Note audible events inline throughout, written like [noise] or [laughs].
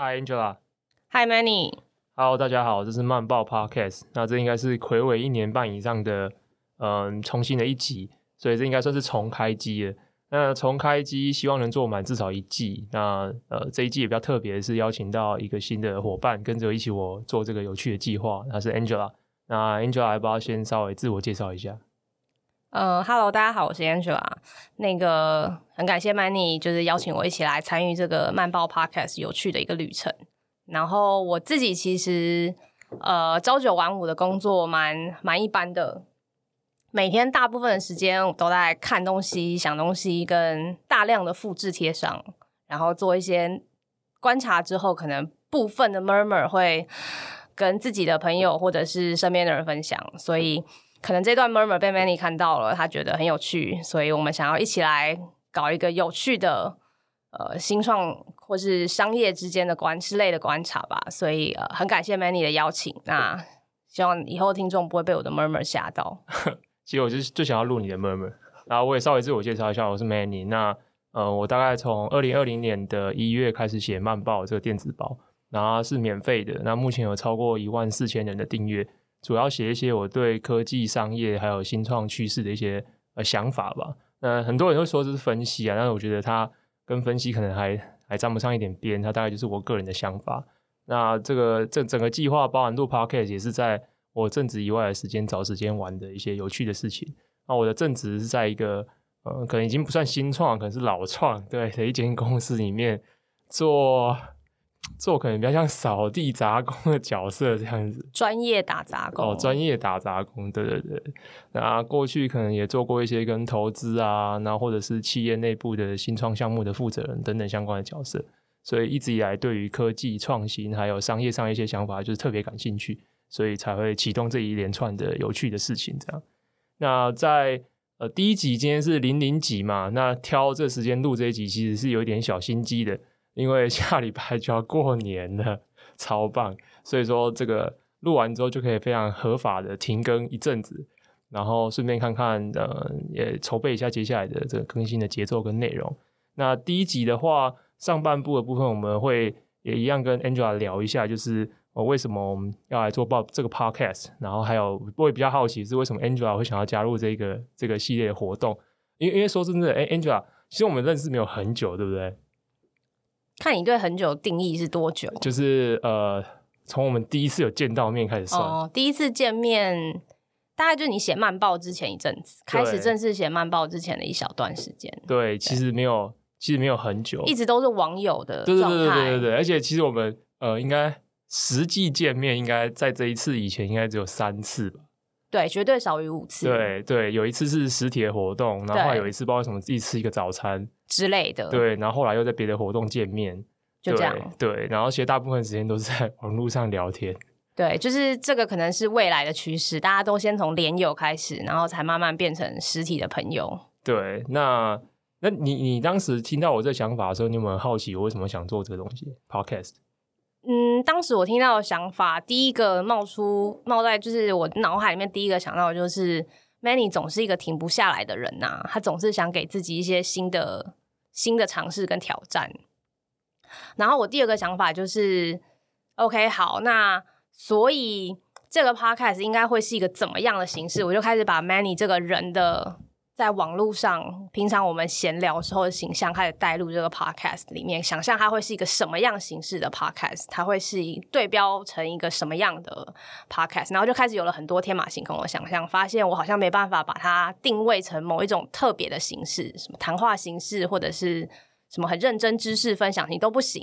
Hi Angela，Hi Manny，Hello，大家好，這是曼報 Podcast。那這應該是睽違一年半以上的，嗯，重新的一集，所以這應該算是重開機了。那重開機，希望能做滿至少一季。那呃，這一季也比較特別的是邀請到一個新的夥伴，跟着一起我做這個有趣的計劃。那是 Angela，那 Angela 要不要先稍微自我介紹一下。呃，Hello，大家好，我是 Angela。那個很感謝 Manny，就是邀請我一起來參與這個曼報 Podcast 有趣的一個旅程。然後我自己其實呃朝九晚五的工作蠻蠻一般的，每天大部分的時間我都在看東西、想東西，跟大量的複製貼上，然後做一些觀察之後，可能部分的 murmur 會跟自己的朋友或者是身邊的人分享，所以。可能這段 murmur 被 Manny 看到了，他覺得很有趣，所以我們想要一起來搞一個有趣的，呃，新創或是商業之間的關之類的觀察吧。所以呃，很感謝 Manny 的邀請。那希望以後聽眾不會被我的 murmur 嚇到。 [laughs] 其實我就是最想要錄你的 murmur。然後我也稍微自我介紹一下，我是 Manny。那呃，我大概從二零二零年的一月開始寫曼報這個電子報，然後是免費的。那目前有超過一萬四千人的訂閱。主要寫一些我對科技、商業還有新創趨勢的一些呃想法吧。呃，很多人會說這是分析啊，但我覺得它跟分析可能還還沾不上一點邊，它大概就是我個人的想法。那這個這整個計劃包含錄 podcast 也是在我正職以外的時間找時間玩的一些有趣的事情。那我的正職是在一個呃，可能已經不算新創，可能是老創，對，在一間公司裡面做。做可能比較像掃地雜工的角色這樣子，專業打雜工哦，專業打雜工，對對對。那、啊、過去可能也做過一些跟投資啊，然後或者是企業內部的新創項目的負責人等等相關的角色，所以一直以來對於科技創新還有商業上一些想法就是特別感興趣，所以才會啟動這一連串的有趣的事情。這樣，那在呃第一集，今天是零零集嘛，那挑這時間錄這一集其實是有一點小心機的。因為下禮拜就要過年了，超棒！所以說這個錄完之後就可以非常合法的停更一陣子，然後順便看看，呃、嗯，也籌備一下接下來的這個更新的節奏跟內容。那第一集的話，上半部的部分我們會也一樣跟 Angela 聊一下，就是我、哦、為什麼我們要來做報這個 Podcast，然後還有我也比較好奇是為什麼 Angela 會想要加入這個這個系列的活動，因為因為說真的，哎，Angela，其實我們認識沒有很久，對不對？看你對很久的定義是多久啊？就是呃，從我們第一次有見到面開始算。哦，第一次見面大概就是你寫曼報之前一陣子，對開始正式寫曼報之前的一小段時間。對，對其實沒有，其實沒有很久，一直都是網友的狀態。對對對對對，而且其實我們呃，應該實際見面應該在這一次以前應該只有三次吧？對，絕對少於五次。對對，有一次是實體的活動，然後有一次對不知道為什麼一起吃一個早餐。之類的，對，然後後來又在別的活動見面，就這樣對。對，然後其實大部分時間都是在網絡上聊天。對，就是這個可能是未來的趨勢，大家都先從聯友開始，然後才慢慢變成實體的朋友。對，那那你你當時聽到我這想法的時候，你有沒有好奇我為什麼想做這個東西？Podcast？嗯，當時我聽到的想法，第一個冒出冒在就是我腦海裡面第一個想到的就是，Manny 總是一個停不下來的人吶、啊，他總是想給自己一些新的。新的嘗試跟挑戰，然後我第二個想法就是，OK，好，那所以這個 podcast 應該會是一個怎麼樣的形式？我就開始把 Manny 這個人的。在網絡上，平常我們閒聊的時候的形象開始帶入這個 podcast 裡面，想象它會是一個什麼樣形式的 podcast？它會是對標成一個什麼樣的 podcast？然後就開始有了很多天馬行空的想象發現我好像沒辦法把它定位成某一種特別的形式，什麼談話形式或者是什麼很認真知識分享型都不行，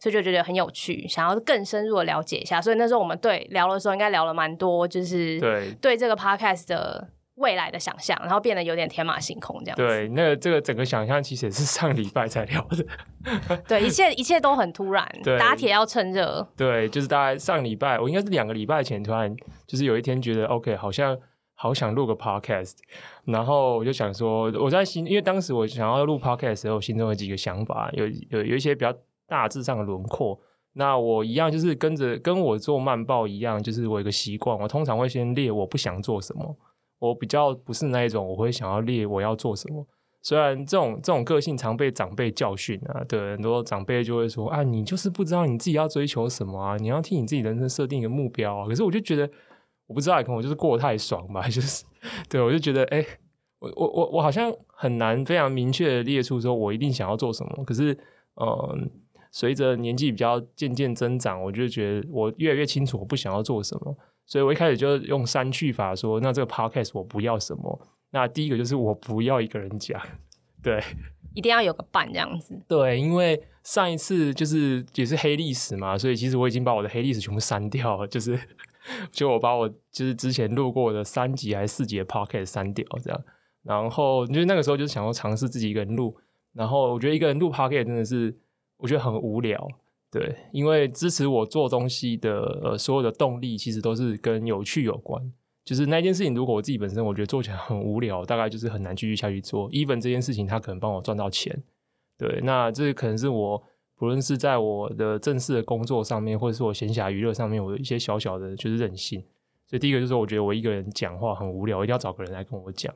所以就覺得很有趣，想要更深入的了解一下。所以那時候我們對聊的時候，應該聊了蠻多，就是對對這個 podcast 的。未來的想象，然後變得有點天馬行空這樣。對，那個、這個整個想象其實也是上禮拜才聊的。 [laughs] 對，一切一切都很突然。對，打鐵要趁熱。對，就是大概上禮拜，我應該是兩個禮拜前，突然就是有一天覺得 [laughs] ，OK，好像好想錄個 podcast。然後我就想說，我在心，因為當時我想要錄 podcast 的時候，我心中有幾個想法，有有有一些比較大致上的輪廓。那我一樣就是跟着跟我做曼報一樣，就是我有一個習慣，我通常會先列我不想做什麼。我比較不是那一種，我會想要列我要做什麼。雖然這種這種個性常被長輩教訓啊，對很多長輩就會說：“啊，你就是不知道你自己要追求什麼啊，你要替你自己人生設定一個目標啊。”可是我就覺得，我不知道，可能我就是過得太爽吧，就是對我就覺得，欸，我我我我好像很難非常明確的列出說，我一定想要做什麼。可是，嗯，隨着年紀比較漸漸增長，我就覺得我越來越清楚我不想要做什麼。所以，我一開始就用刪去法說，那這個 podcast 我不要什麼。那第一個就是我不要一個人講，對，一定要有個伴這樣子。對，因為上一次就是也是黑歷史嘛，所以其實我已經把我的黑歷史全部刪掉了，就是就我把我就是之前錄過的三集還是四集的 podcast 刪掉這樣。然後，就是、那個時候就是想要嘗試自己一個人錄，然後我覺得一個人錄 podcast 真的是我覺得很無聊。對，因為支持我做東西的呃所有的動力，其實都是跟有趣有關。就是那件事情，如果我自己本身我覺得做起來很無聊，大概就是很難繼續下去做。even 這件事情，他可能幫我賺到錢。對，那這可能是我，不論是在我的正式的工作上面，或者是我閒暇娛樂上面，我有一些小小的就是任性。所以第一個就是，我覺得我一個人講話很無聊，一定要找個人來跟我講。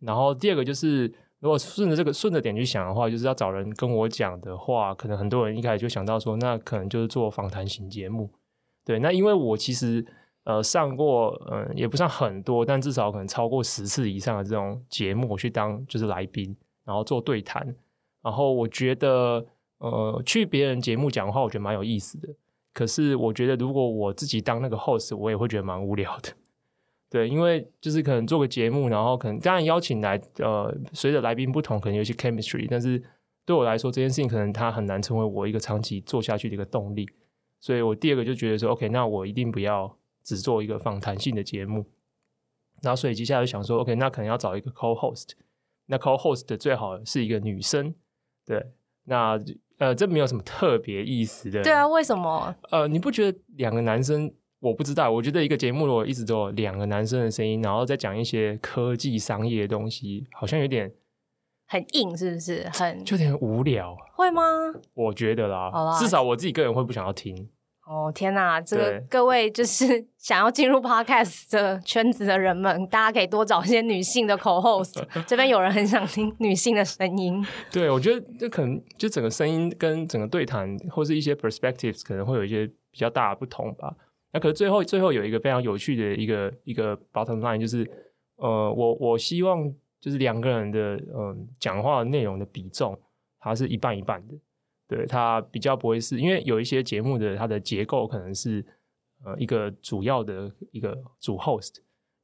然後第二個就是。如果順着這個順着點去想的話，就是要找人跟我講的話，可能很多人一開始就想到說，那可能就是做訪談型節目。對，那因為我其實呃上過呃也不算很多，但至少可能超過十次以上的這種節目我去當就是來賓，然後做對談。然後我覺得呃去別人節目講的話，我覺得蠻有意思的。可是我覺得如果我自己當那個 host，我也會覺得蠻無聊的。對，因為就是可能做個節目，然後可能當然邀請來，呃，隨着來賓不同，可能有一些 chemistry。但是對我來說，這件事情可能它很難成為我一個長期做下去的一個動力。所以我第二個就覺得說，OK，那我一定不要只做一個訪談性的節目。然後所以接下來就想說，OK，那可能要找一個 co-host。那 co-host 的最好是一個女生。對，那呃，這沒有什麼特別意思的。對啊，為什麼？呃，你不覺得兩個男生？我不知道，我覺得一個節目，我一直都有兩個男生的聲音，然後再講一些科技商業的東西，好像有點很硬，是不是很？就有點無聊，會嗎？我覺得啦，oh, 至少我自己個人會不想要聽。哦、oh, 天哪，對這個各位就是想要進入 podcast 的圈子的人們，大家可以多找一些女性的 co-host。這邊有人很想聽女性的聲音， [laughs] 對，我覺得這可能就整個聲音跟整個對談或是一些 perspectives 可能會有一些比較大的不同吧。那、啊、可是最後最後有一個非常有趣的一個一個 bottom line，就是呃，我我希望就是兩個人的嗯講、呃、話內容的比重，它是一半一半的，對，它比較不會是因為有一些節目的它的結構可能是呃一個主要的一個主 host，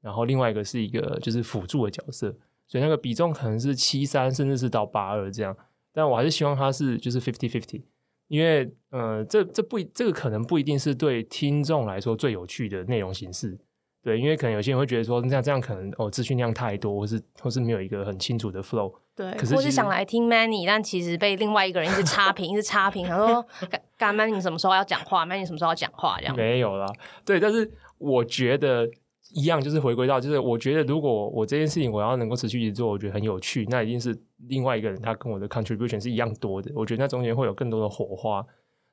然後另外一個是一個就是輔助的角色，所以那個比重可能是七三甚至是到八二這樣，但我還是希望它是就是 fifty fifty。50，因為，呃，這這不這個可能不一定是對聽眾來說最有趣的內容形式，對，因為可能有些人會覺得說，這樣這樣可能哦，資訊量太多，或是或是沒有一個很清楚的 flow，對，可是我是想來聽 Manny，但其實被另外一個人一直差評， [laughs] 一直差評，他說，幹，幹，Manny 你什麼時候要講話？Manny 什麼時候要講話？這樣沒有啦。對，但是我覺得。一樣就是回歸到，就是我覺得如果我這件事情我要能夠持續去做，我覺得很有趣，那一定是另外一個人，他跟我的 contribution 是一樣多的。我覺得那中間會有更多的火花。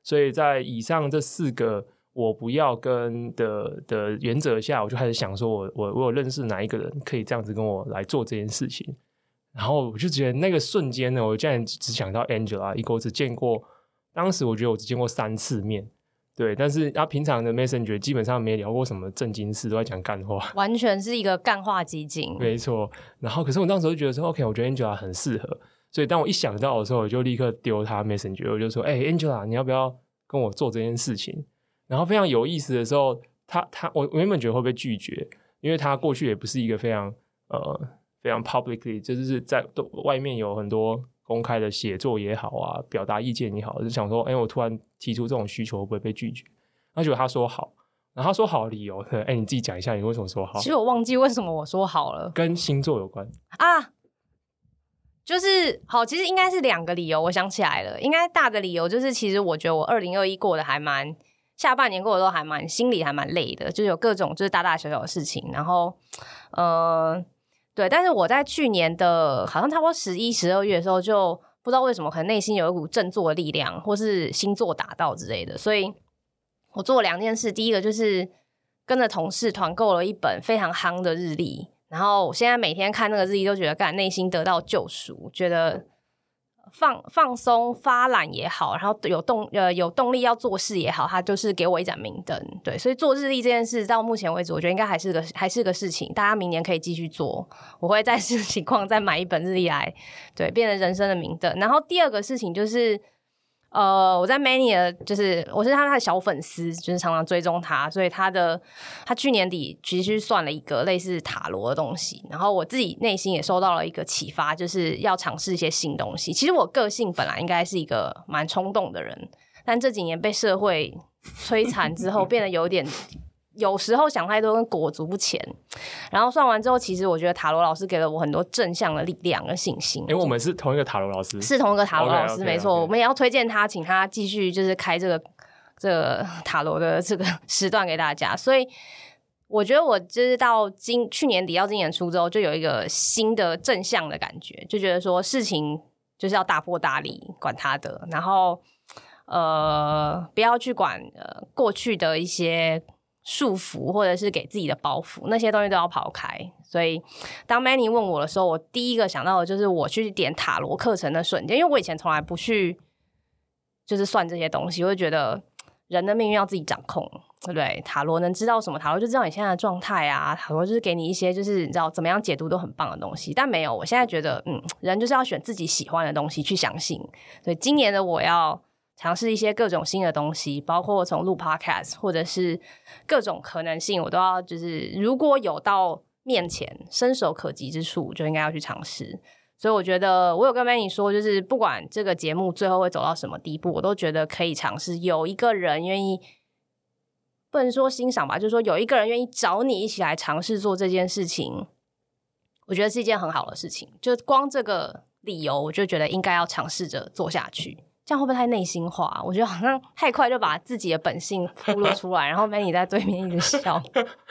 所以在以上這四個我不要跟的的原則下，我就開始想說我，我我我有認識哪一個人可以這樣子跟我來做這件事情？然後我就覺得那個瞬間呢，我竟然只想到 Angela，一共我只見過，當時我覺得我只見過三次面。對，但是他平常的 Messenger 基本上沒聊過什麼正經事，都在講幹話，完全是一個幹話基金。嗯、沒錯，然後可是我當時就覺得說，OK，我覺得 Angela 很適合，所以當我一想到的時候，我就立刻丟他 Messenger，我就說，哎、欸，Angela，你要不要跟我做這件事情？然後非常有意思的時候，他他我原本覺得會被拒絕，因為他過去也不是一個非常呃非常 publicly，就是在外面有很多公開的寫作也好啊，表達意見也好，就想說，哎、欸，我突然提出這種需求，會不會被拒絕？那就他說好，然後他說好，理由，哎、欸，你自己講一下，你為什麼說好？其實我忘記為什麼我說好了，跟星座有關啊，就是好，其實應該是兩個理由，我想起來了，應該大的理由就是，其實我覺得我二零二一過得還蠻，下半年過得都還蠻，心裡還蠻累的，就是、有各種就是大大小小的事情，然後，呃。對，但是我在去年的，好像差不多十一、十二月的時候，就不知道為什麼，可能內心有一股振作的力量，或是星座塔羅之類的，所以我做了兩件事。第一個就是跟着同事團購了一本非常夯的日曆，然後我現在每天看那個日曆，都覺得幹，內心得到救贖，覺得。放放鬆、發懶也好，然後有動呃有動力要做事也好，他就是給我一盞明燈。對，所以做日曆這件事到目前為止，我覺得應該還是個還是個事情，大家明年可以繼續做。我會再視情況再買一本日曆來，對，變成人生的明燈。然後第二個事情就是。呃，我在 Manny 的，就是我是他的小粉絲，就是常常追蹤他，所以他的他去年底其實算了一個類似塔羅的東西，然後我自己內心也受到了一個啟發，就是要嘗試一些新東西。其實我個性本來應該是一個蠻衝動的人，但這幾年被社會摧殘之後，變得有點。 [laughs] 有時候想太多跟裹足不前，然後算完之後，其實我覺得塔羅老師給了我很多正向的力量跟信心。因為我們是同一個塔羅老師，是同一個塔羅老師，oh, okay, okay, okay. 沒錯。我們也要推薦他，請他繼續就是開這個這個塔羅的這個時段給大家。所以我覺得，我就是到今去年底到今年初之後，就有一個新的正向的感覺，就覺得說事情就是要大破大立，管他的。然後呃，不要去管、呃、過去的一些。束縛或者是給自己的包袱，那些東西都要拋開。所以當 Manny 問我的時候，我第一個想到的就是我去點塔羅課程的瞬間，因為我以前從來不去，就是算這些東西，我就覺得人的命運要自己掌控，對不對？塔羅能知道什麼？塔羅就知道你現在的狀態啊，塔羅就是給你一些就是你知道怎麼樣解讀都很棒的東西。但沒有，我現在覺得，嗯，人就是要選自己喜歡的東西去相信。所以今年的我要。嘗試一些各種新的東西，包括從錄 podcast，或者是各種可能性，我都要就是如果有到面前伸手可及之處，就應該要去嘗試。所以我覺得我有跟 Manny 說，就是不管這個節目最後會走到什麼地步，我都覺得可以嘗試。有一個人願意，不能說欣賞吧，就是說有一個人願意找你一起來嘗試做這件事情，我覺得是一件很好的事情。就光這個理由，我就覺得應該要嘗試着做下去。這樣會不會太內心化？我覺得好像太快就把自己的本性露了出來， [laughs] 然後 Manny 在對面一直笑。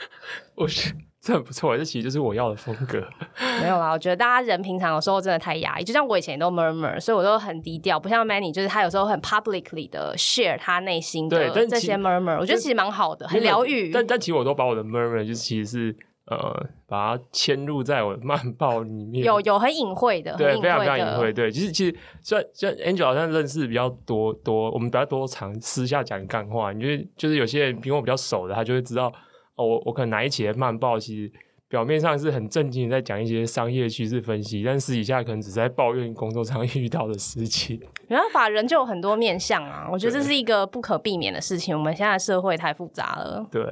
[laughs] 我覺得這很不錯耶，這其實就是我要的風格。 [laughs] 沒有啦，我覺得大家人平常有時候真的太壓抑，就像我以前也都 murmur，所以我都很低調，不像 Manny，就是他有時候很 publicly 的 share 他內心的這些 murmur。我覺得其實蠻好的，就很療癒。但但其實我都把我的 murmur 就是其實是。呃，把它嵌入在我的曼報裡面，有有很隱晦的，晦的對，非常非常隱晦。嗯、對，其實其實，像 Angel 好像認識比較多多，我們比較多常私下講幹話。因為、就是、就是有些人，比我比較熟的，他就會知道，哦，我我可能哪一期的曼報，其實表面上是很正經的在講一些商業趨勢分析，但私底下可能只是在抱怨工作上遇到的事情。然後法，人就有很多面相啊，我覺得這是一個不可避免的事情。對我們現在社會太複雜了，對。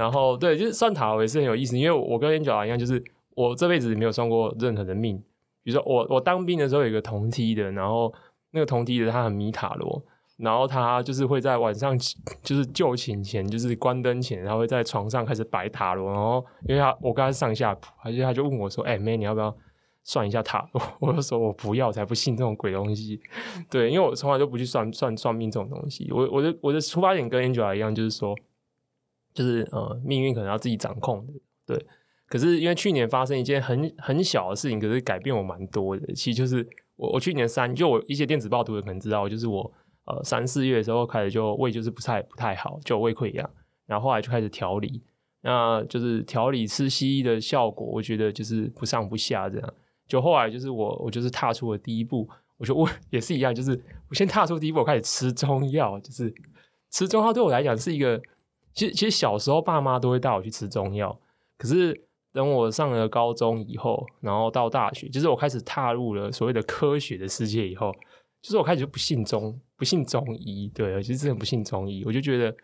然後對，就是算塔羅也是很有意思，因為我跟 Angel 一樣，就是我這輩子沒有算過任何的命。比如說我我當兵的時候有一個同梯的，然後那個同梯的他很迷塔羅，然後他就是會在晚上就是就寢前，就是關燈前，他會在床上開始擺塔羅。然後因為他我跟他上下鋪，他就他就問我說：“哎、欸，Man，你要不要算一下塔羅？”我就說：“我不要，我才不信這種鬼東西。”對，因為我從來就不去算算算命這種東西。我我的我的出發點跟 Angel 一樣，就是說。就是呃，命運可能要自己掌控的，對。可是因為去年發生一件很很小的事情，可是改變我蠻多的。其實就是我，我去年三就我一些電子報讀者可能知道，就是我呃三四月的時候開始就胃就是不太不太好，就胃潰瘍，然後後來就開始調理。那就是調理吃西醫的效果，我覺得就是不上不下這樣。就後來就是我，我就是踏出了第一步，我就我也是一樣，就是我先踏出第一步，我開始吃中藥，就是吃中藥對我來講是一個。其實，其實小時候爸媽都會帶我去吃中藥，可是等我上了高中以後，然後到大學，就是我開始踏入了所謂的科學的世界以後，就是我開始就不信中，不信中醫，對，其實真的不信中醫，我就覺得，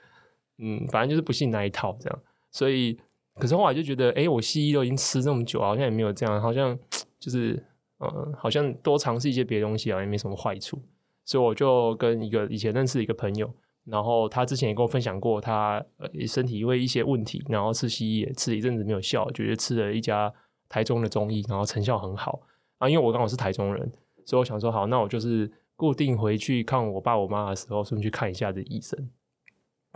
嗯，反正就是不信那一套這樣。所以，可是後來就覺得，哎、欸，我西醫都已經吃這麼久了，好像也沒有這樣，好像就是，嗯，好像多嘗試一些別的東西好像也沒什麼壞處。所以我就跟一個以前認識的一個朋友，然後他之前也跟我分享過，他身體因為一些問題，然後吃西醫也吃了一陣子沒有效，就覺得吃了一家台中的中醫，然後成效很好啊。因為我剛好是台中人，所以我想說好，那我就是固定回去看我爸我媽的時候，順便去看一下這醫生，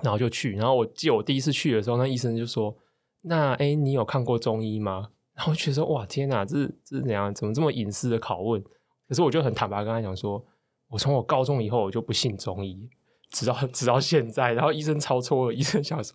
然後就去。然後我記得我第一次去的時候，那醫生就說：“那誒，你有看過中醫嗎？”然後我覺得說哇，天哪，這這怎樣？怎麼這麼隱私的拷問？可是我就很坦白跟他講說：“我從我高中以後，我就不信中醫。”直到直到現在，然後醫生超錯愕，醫生想說，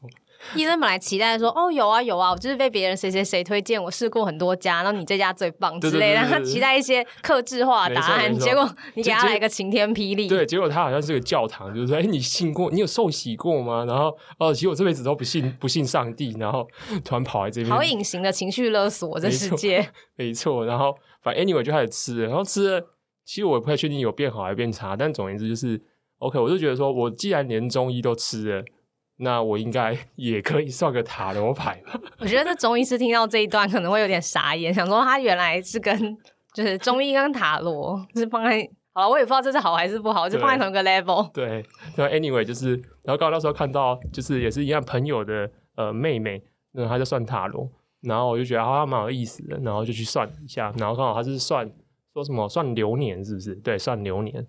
醫生本來期待說，哦，有啊有啊，我就是被別人誰誰誰推薦，我試過很多家，然後你這家最棒之類的，他期待一些客製化的答案，結果就你給他來個晴天霹靂，對，結果他好像是一個教堂，就是哎、欸，你信過，你有受洗過嗎？然後哦、呃，其實我這輩子都不信不信上帝，然後突然跑來這邊，好隱形的情緒勒索，我這世界沒錯，然後反正 anyway 就開始吃了，然後吃了，其實我也不太確定有變好還是變差，但總言之就是。OK，我就覺得說，我既然連中醫都吃了，那我應該也可以算個塔羅牌吧？我覺得這中醫師聽到這一段可能會有點傻眼， [laughs] 想說他原來是跟就是中醫跟塔羅 [laughs] 是放在好了，我也不知道這是好還是不好，對就放在同一個 level。對，就 anyway，就是然後剛好那時候看到就是也是一樣朋友的呃妹妹，那她就算塔羅，然後我就覺得好、啊、像蠻有意思的，然後就去算一下，然後剛好她是算說什麼算流年是不是？對，算流年，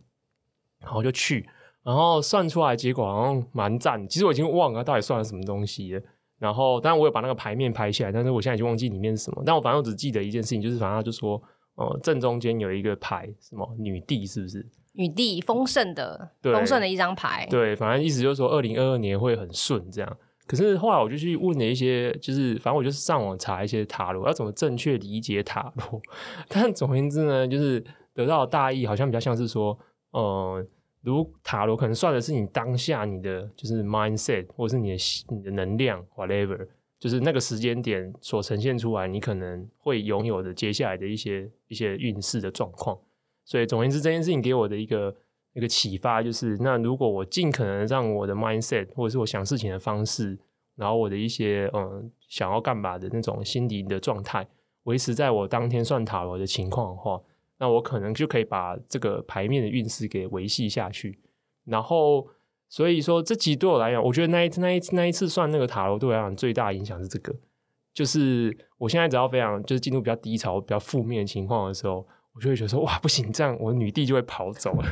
然後就去。然後算出來結果好像蠻讚，其實我已經忘了他到底算了什麼東西了。然後當然我有把那個牌面拍下來，但是我現在已經忘記裡面是什麼。但我反正我只記得一件事情，就是反正他就說，呃，正中間有一個牌，什麼女帝是不是？女帝豐盛的，對豐盛的一張牌。對，反正意思就是說，二零二二年會很順這樣。可是後來我就去問了一些，就是反正我就是上網查一些塔羅，要怎麼正確理解塔羅。但總言之呢，就是得到的大意好像比較像是說，呃。如塔羅可能算的是你當下你的就是 mindset 或是你的你的能量 whatever，就是那個時間點所呈現出來你可能會擁有的接下來的一些一些運勢的狀況。所以總言之，這件事情給我的一個一個啟發就是，那如果我盡可能讓我的 mindset 或者是我想事情的方式，然後我的一些嗯想要幹嘛的那種心理的狀態，維持在我當天算塔羅的情況的話。那我可能就可以把這個牌面的運勢給維繫下去。然後，所以說，這集對我來講，我覺得那一那一次那一次算那個塔羅對我來講最大影響是這個，就是我現在只要非常就是進入比較低潮、比較負面的情況的時候，我就會覺得說，哇不行，這樣我女帝就會跑走了。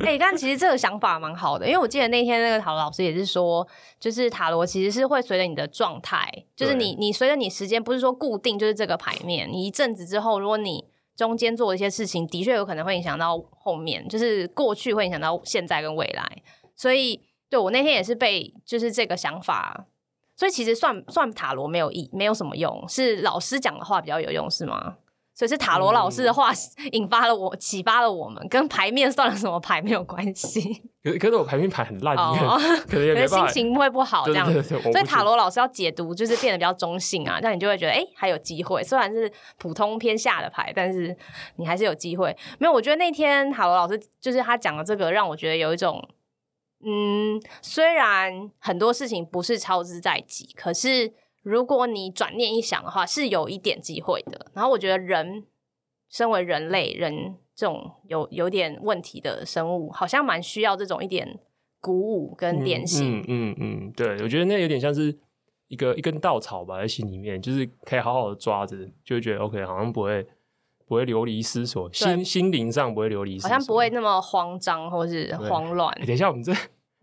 誒、 [laughs] 欸，但其實這個想法蠻好的，因為我記得那天那個塔羅老師也是說，就是塔羅其實是會隨着你的狀態，就是你對你隨着你時間不是說固定，就是這個牌面，你一陣子之後，如果你。中間做一些事情，的確有可能會影響到後面，就是過去會影響到現在跟未來。所以，對，我那天也是被就是這個想法，所以其實算算塔羅沒有意，沒有什麼用，是老師講的話比較有用，是嗎？所以是塔羅老師的話引發了我啟、嗯、發了我們，跟牌面算了什麼牌沒有關係。可可是我牌面牌很爛、oh，可能心情會不好這樣。對對對，所以塔羅老師要解讀就是變得比較中性啊，那 [laughs] 你就會覺得哎、欸、還有機會，雖然是普通偏下的牌，但是你還是有機會。沒有，我覺得那天塔羅老師就是他講的這個，讓我覺得有一種嗯，雖然很多事情不是操之在即，可是。如果你轉念一想的話，是有一點機會的。然後我覺得人，身為人類，人這種有有點問題的生物，好像蠻需要這種一點鼓舞跟點心。嗯嗯、嗯、嗯，對，我覺得那有點像是一個一根稻草吧，在心裡面，就是可以好好的抓着，就覺得 OK，好像不會不會流離失所，心心靈上不會流離失所，好像不會那麼慌張或是慌亂。欸，等一下，我們這。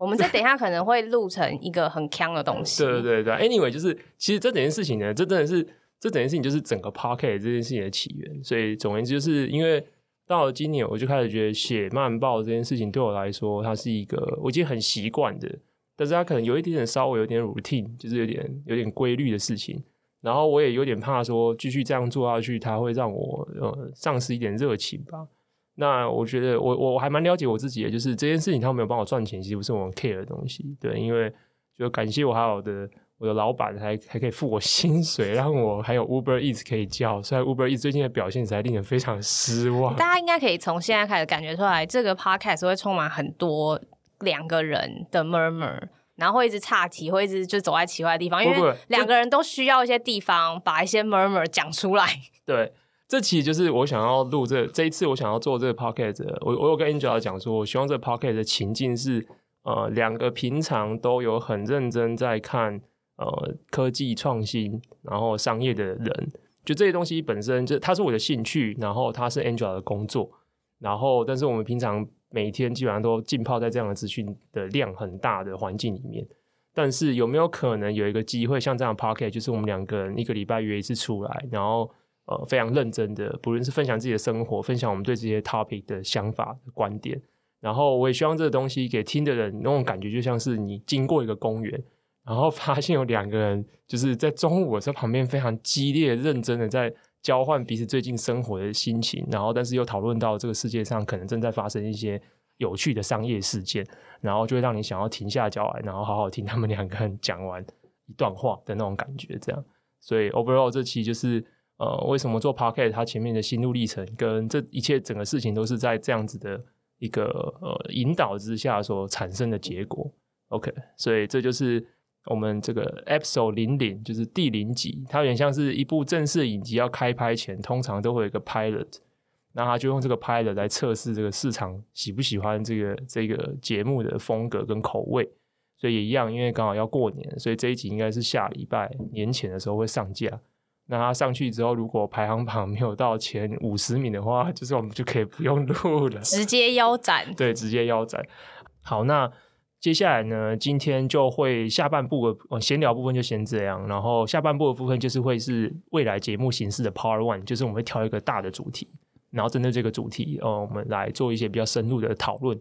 [laughs] 我們這等一下可能會錄成一個很強的東西。對對對,對，Anyway，就是其實這整件事情呢，這真的是這整件事情，就是整個 podcast 這件事情的起源。所以總而言之，就是因為到了今年，我就開始覺得寫曼報這件事情對我來說，它是一個我已經很習慣的，但是它可能有一點點稍微有點 routine，就是有點有點規律的事情。然後我也有點怕說繼續這樣做下去，它會讓我呃喪失一點熱情吧。那我覺得我，我我我還蠻了解我自己的，就是這件事情，他沒有幫我賺錢，其實不是我 care 的東西，對，因為就感謝我還有我的我的老闆，還還可以付我薪水，讓我還有 Uber Eats 可以叫，雖然 Uber Eats 最近的表現實在令人非常失望。大家應該可以從現在開始感覺出來，這個 podcast 會充滿很多兩個人的 murmur，然後會一直岔題，會一直就走在奇怪的地方，因為兩個人都需要一些地方把一些 murmur 講出來，不不對。這期就是我想要錄這個、這一次我想要做這個 podcast。我我有跟 Angela 講說，我希望這個 podcast 的情境是，呃，兩個平常都有很認真在看呃科技創新，然後商業的人，就這些東西本身就它是我的興趣，然後它是 Angela 的工作，然後但是我們平常每天基本上都浸泡在這樣的資訊的量很大的環境裡面，但是有沒有可能有一個機會像這樣的 podcast，就是我們兩個人一個禮拜約一次出來，然後。呃，非常認真的，不論是分享自己的生活，分享我們對這些 topic 的想法、觀點，然後我也希望這個東西給聽的人那種感覺，就像是你經過一個公園，然後發現有兩個人就是在中午在旁邊非常激烈、認真的在交換彼此最近生活的心情，然後但是又討論到這個世界上可能正在發生一些有趣的商業事件，然後就會讓你想要停下腳來，然後好好聽他們兩個人講完一段話的那種感覺。這樣，所以 overall 這期就是。呃，為什麼做 podcast 它前面的心路歷程跟這一切整個事情都是在這樣子的一個呃引導之下所產生的結果。OK，所以這就是我們這個 episode 零零，就是第零集，它有點像是一部正式影集要開拍前，通常都會有一個 pilot，那他就用這個 pilot 來測試這個市場喜不喜歡這個這個節目的風格跟口味。所以也一樣，因為剛好要過年，所以這一集應該是下禮拜年前的時候會上架。那他上去之後，如果排行榜沒有到前五十名的話，就是我們就可以不用錄了，直接腰斬。 [laughs] 對，直接腰斬。好，那接下來呢？今天就會下半部的閒、呃、聊的部分就先這樣，然後下半部的部分就是會是未來節目形式的 Part One，就是我們會挑一個大的主題，然後針對這個主題，哦、呃，我們來做一些比較深入的討論。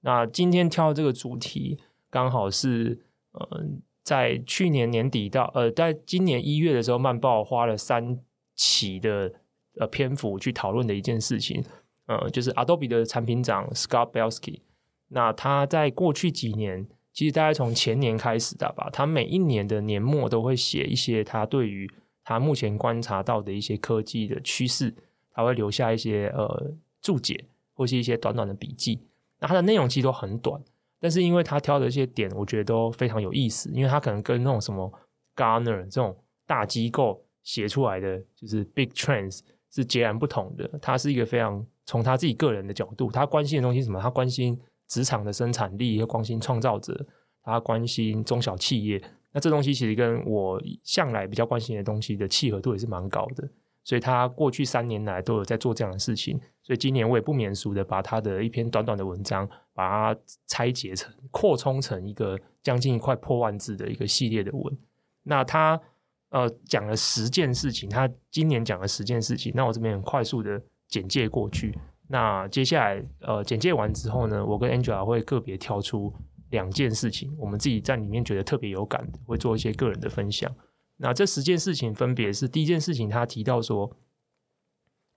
那今天挑的這個主題剛好是，嗯、呃。在去年年底到呃，在今年一月的時候，《曼報》花了三期的呃篇幅，去討論的一件事情，呃，就是 Adobe 的產品長 Scott Belsky。那他在過去幾年，其實大概從前年開始的吧，他每一年的年末都會寫一些他對於他目前觀察到的一些科技的趨勢，他會留下一些呃注解或是一些短短的筆記。那它的內容其實都很短。但是因為他挑的一些點，我覺得都非常有意思。因為他可能跟那種什麼 Gartner 這種大機構寫出來的就是 Big Trends 是截然不同的。他是一個非常從他自己個人的角度，他關心的東西是什麼？他關心職場的生產力，也關心創造者，他關心中小企業。那這東西其實跟我向來比較關心的東西的契合度也是蠻高的。所以他過去三年來都有在做這樣的事情，所以今年我也不免俗的把他的一篇短短的文章，把它拆解成、擴充成一個將近快破萬字的一個系列的文。那他呃講了十件事情，他今年講了十件事情。那我這邊很快速的簡介過去。那接下來呃簡介完之後呢，我跟 Angela 會個別挑出兩件事情，我們自己在裡面覺得特別有感的，會做一些個人的分享。那這十件事情分別是：第一件事情，他提到說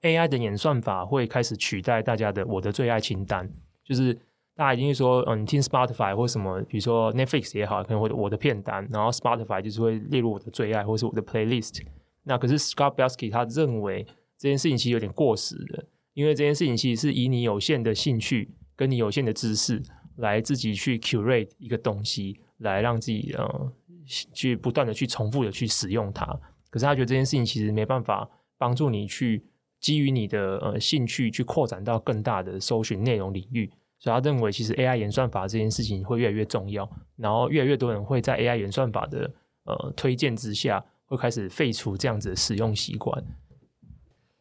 ，AI 的演算法會開始取代大家的我的最愛清單，就是大家一定會說，嗯，聽 Spotify 或什麼，比如說 Netflix 也好，可能會我的片單，然後 Spotify 就是會列入我的最愛或是我的 playlist。那可是 Scott Belsky 他認為這件事情其實有點過時了，因為這件事情其實是以你有限的興趣跟你有限的知識來自己去 curate 一個東西，來讓自己啊、呃。去不斷的去重複的去使用它，可是他覺得這件事情其實沒辦法幫助你去基於你的呃興趣去擴展到更大的搜尋內容領域，所以他認為其實 AI 演算法這件事情會越來越重要，然後越來越多人會在 AI 演算法的呃推薦之下會開始廢除這樣子的使用習慣。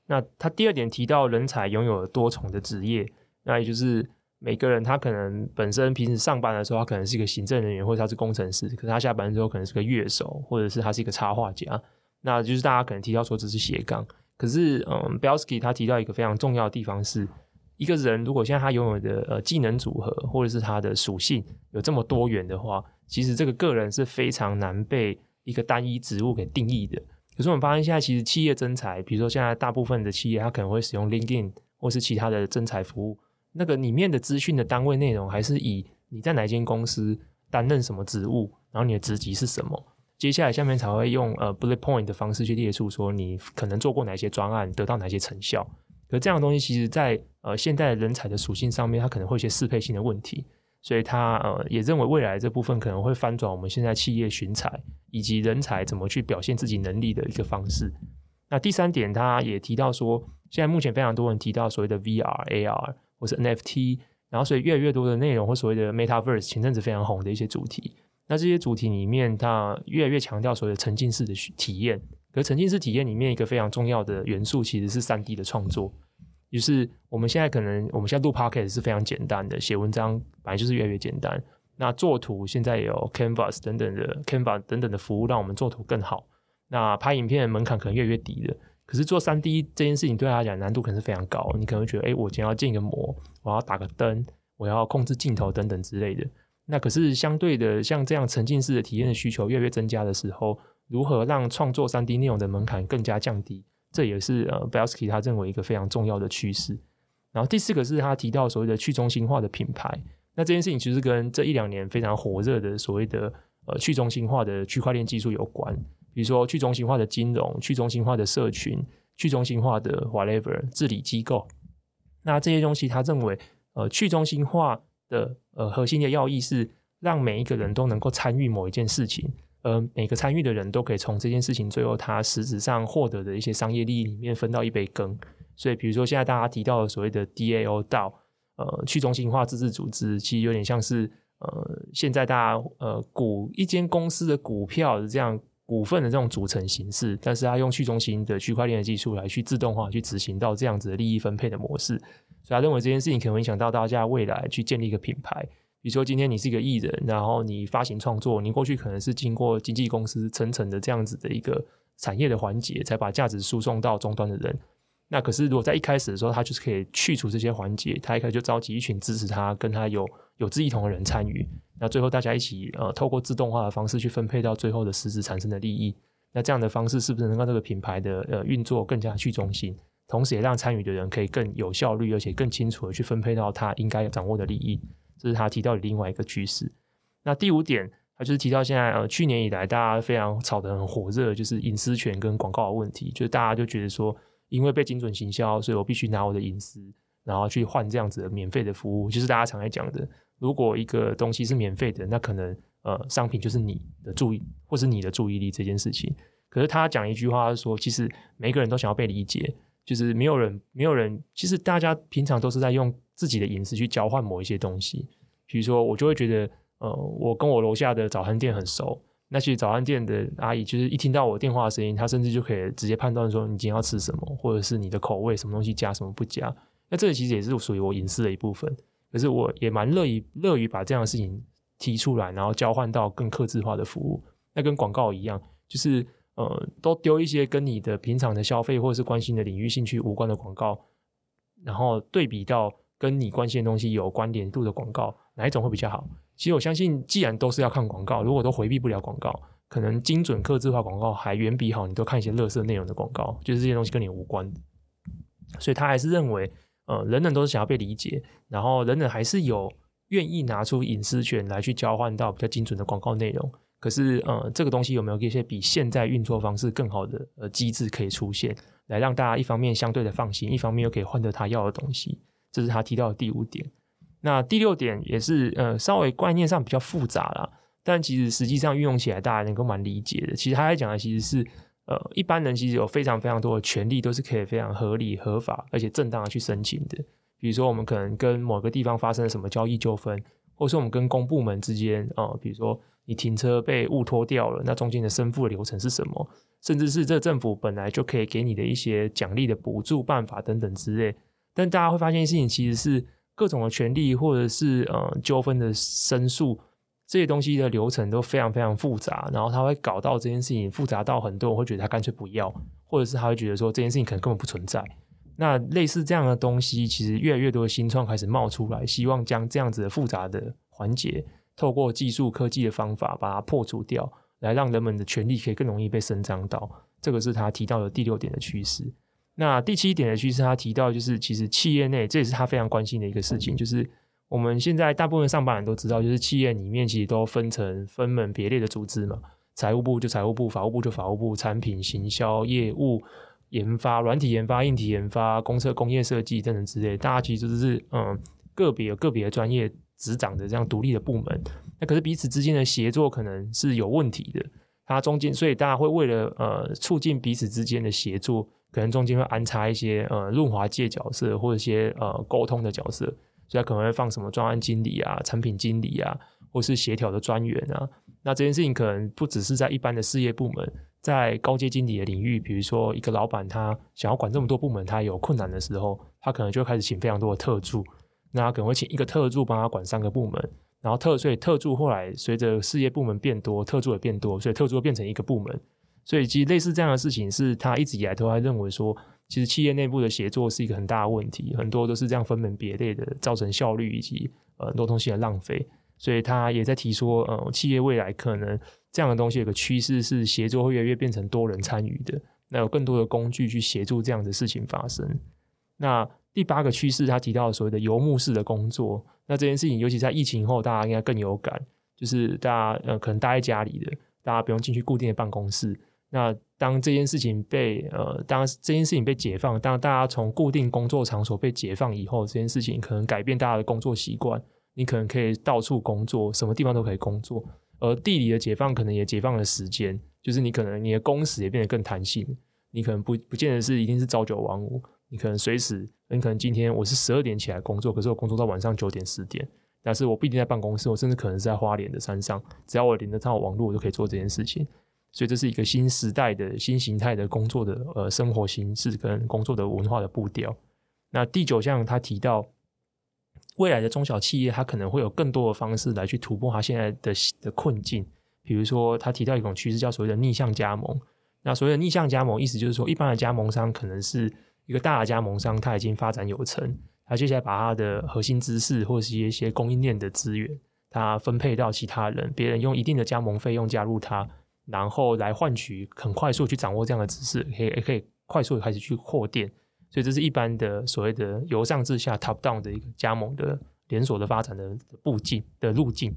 那他第二點提到人才擁有多重的職業，那也就是。每個人他可能本身平時上班的時候，他可能是一個行政人員，或者他是工程師。可是他下班之後，可能是個樂手，或者是他是一個插畫家。那就是大家可能提到說這是斜槓。可是，嗯，Belsky 他提到一個非常重要的地方是，一個人如果現在他擁有的呃技能組合，或者是他的屬性有這麼多元的話，其實這個個人是非常難被一個單一職務給定義的。可是我們發現現在其實企業徵才，比如說現在大部分的企業，他可能會使用 LinkedIn 或是其他的徵才服務。那個裡面的資訊的單位內容，還是以你在哪間公司擔任什麼職務，然後你的職級是什麼？接下來下面才會用呃，Bullet Point 的方式去列出說你可能做過哪些專案，得到哪些成效。可這樣的東西，其實在呃現代人才的屬性上面，它可能會有些適配性的問題。所以它，它呃也認為未來的這部分可能會翻轉我們現在企業尋才以及人才怎麼去表現自己能力的一個方式。那第三點，他也提到說，現在目前非常多人提到所謂的 VR、AR。或是 NFT，然後所以越來越多的內容或所謂的 Metaverse，前陣子非常紅的一些主題。那這些主題裡面，它越來越強調所謂的沉浸式的體驗。可是沉浸式體驗裡面，一個非常重要的元素其實是 3D 的創作。於是我們現在可能我們現在錄 Podcast 是非常簡單的，寫文章本來就是越來越簡單。那作圖現在有 Canvas 等等的 [music] Canvas 等等的服務，讓我們作圖更好。那拍影片的門檻可能越來越低了。可是做三 D 這件事情對他來講難度可能是非常高，你可能會覺得，哎，我今天要建一個模，我要打個燈，我要控制鏡頭等等之類的。那可是相對的，像這樣沉浸式的體驗的需求越來越增加的時候，如何讓創作三 D 內容的門檻更加降低，這也是，呃，Belsky 他認為一個非常重要的趨勢。然後第四個是他提到所謂的去中心化的品牌，那這件事情其實跟這一兩年非常火熱的所謂的呃去中心化的區塊鏈技術有關。比如說去中心化的金融、去中心化的社群、去中心化的 whatever 治理機構，那這些東西，他認為，呃，去中心化的呃核心的要義是讓每一個人都能夠參與某一件事情，而、呃、每個參與的人都可以從這件事情最後他實質上獲得的一些商業利益裡面分到一杯羹。所以，比如說現在大家提到的所謂的 DAO 到呃去中心化自治組織，其實有點像是呃現在大家呃股一間公司的股票的這樣。股份的這種組成形式，但是他用去中心的區塊鏈的技術來去自動化去執行到這樣子的利益分配的模式，所以他認為這件事情可能影響到大家未來去建立一個品牌。比如說今天你是一個藝人，然後你發行創作，你過去可能是經過經紀公司層層的這樣子的一個產業的環節，才把價值輸送到終端的人。那可是，如果在一開始的時候，他就是可以去除這些環節，他一開始就召集一群支持他、跟他有有志一同的人參與，那最後大家一起呃，透過自動化的方式去分配到最後的實質產生的利益，那這樣的方式是不是能讓這個品牌的呃運作更加去中心，同時也讓參與的人可以更有效率，而且更清楚的去分配到他應該掌握的利益？這是他提到的另外一個趨勢。那第五點，他就是提到現在呃，去年以來大家非常吵得很火熱，就是隱私權跟廣告的問題，就是大家就覺得說，因為被精準行銷，所以我必須拿我的隱私，然後去換這樣子的免費的服務。就是大家常來講的，如果一個東西是免費的，那可能呃商品，就是你的注意或是你的注意力這件事情。可是他講一句話說，其實每個人都想要被理解，就是沒有人沒有人，其實大家平常都是在用自己的隱私去交換某一些東西。比如說我就會覺得，呃，我跟我樓下的早餐店很熟。那些早餐店的阿姨，就是一聽到我電話的聲音，她甚至就可以直接判斷說，你今天要吃什麼，或者是你的口味什麼東西加什麼不加。那這其實也是屬於我隱私的一部分，可是我也蠻樂意樂於把這樣的事情提出來，然後交換到更客製化的服務。那跟廣告一樣，就是呃，都丟一些跟你的平常的消費或者是關心的領域興趣無關的廣告，然後對比到跟你關心的東西有關聯度的廣告。哪一種會比較好？其實我相信，既然都是要看廣告，如果都回避不了廣告，可能精準客製化廣告還遠比好。你都看一些垃圾內容的廣告，就是這些東西跟你無關的。所以他還是認為，呃，人人都是想要被理解，然後人人還是有願意拿出隱私權來去交換到比較精準的廣告內容。可是，呃，這個東西有沒有一些比現在運作方式更好的呃機制可以出現，來讓大家一方面相對的放心，一方面又可以換得他要的東西？這是他提到的第五點。那第六點也是呃，稍微觀念上比較複雜啦，但其實實際上運用起來大家能夠蠻理解的。其實他在講的其實是呃，一般人其實有非常非常多的權利，都是可以非常合理、合法而且正當的去申請的。比如說，我們可能跟某個地方發生了什麼交易糾紛，或是我們跟公部門之間，呃，比如說你停車被誤拖吊了，那中間的申復的流程是什麼？甚至是這政府本來就可以給你的一些獎勵的補助辦法等等之類。但大家會發現事情其實是。各種的權利或者是呃糾紛的申訴，這些東西的流程都非常非常複雜，然後他會搞到這件事情複雜到很多人會覺得他乾脆不要，或者是他會覺得說，這件事情可能根本不存在。那類似這樣的東西，其實越來越多的新創開始冒出來，希望將這樣子的複雜的環節，透過技術科技的方法把它破除掉，來讓人們的權利可以更容易被伸張到。這個是他提到的第六點的趨勢。那第七點呢，其實他提到就是，其實企業內，這也是他非常關心的一個事情，就是我們現在大部分上班人都知道，就是企業裡面其實都分成分門別類的組織嘛，財務部就財務部，法務部就法務部，產品、行銷、業務、研發、軟體研發、硬體研發、工設、工業設計等等之類，大家其實就是嗯個別、個別的專業執掌的這樣獨立的部門。那可是彼此之間的協作可能是有問題的，它中間，所以大家會為了呃促進彼此之間的協作。可能中間會安插一些呃潤滑劑角色或者一些呃溝通的角色，所以他可能會放什麼專案經理啊、產品經理啊，或是協調的專員啊。那這件事情可能不只是在一般的事業部門，在高階經理的領域，比如說一個老板他想要管這麼多部門，他有困難的時候，他可能就開始請非常多的特助。那他可能會請一個特助幫他管三個部門，然後特所以特助後來隨着事業部門變多，特助也變多，所以特助變成一個部門。所以，其實類似這樣的事情，是他一直以來都還認為說，其實企業內部的協作是一個很大的問題，很多都是這樣分門別類的，造成效率以及呃很多東西的浪費。所以他也在提說，呃，企業未來可能這樣的東西有個趨勢是，協作會越來越變成多人參與的，那有更多的工具去協助這樣的事情發生。那第八個趨勢，他提到所謂的游牧式的工作，那這件事情尤其在疫情後，大家應該更有感，就是大家呃可能待在家裡的，大家不用進去固定的辦公室。那當這件事情被呃，當這件事情被解放，當大家從固定工作場所被解放以後，這件事情可能改變大家的工作習慣。你可能可以到處工作，什麼地方都可以工作。而地理的解放可能也解放了時間，就是你可能你的工時也變得更彈性。你可能不不見得是一定是朝九晚五，你可能隨時，你可能今天我是十二點起來工作，可是我工作到晚上九點十點，但是我不一定在辦公室，我甚至可能是在花蓮的山上，只要我連得上網絡，我就可以做這件事情。所以這是一個新時代的新形態的工作的呃生活形式跟工作的文化的步調。那第九項他提到未來的中小企業，他可能會有更多的方式來去突破他現在的的困境。比如說，他提到一種趨勢叫所謂的逆向加盟。那所謂的逆向加盟，意思就是說，一般的加盟商可能是一個大的加盟商，他已經發展有成，他接下來把他的核心知識或者是一些供應鏈的資源，他分配到其他人，別人用一定的加盟費用加入他。然後來換取很快速去掌握這樣的知識，可以也可以快速開始去擴店，所以這是一般的所謂的由上至下 top down 的一個加盟的連鎖的發展的路徑的，的路徑。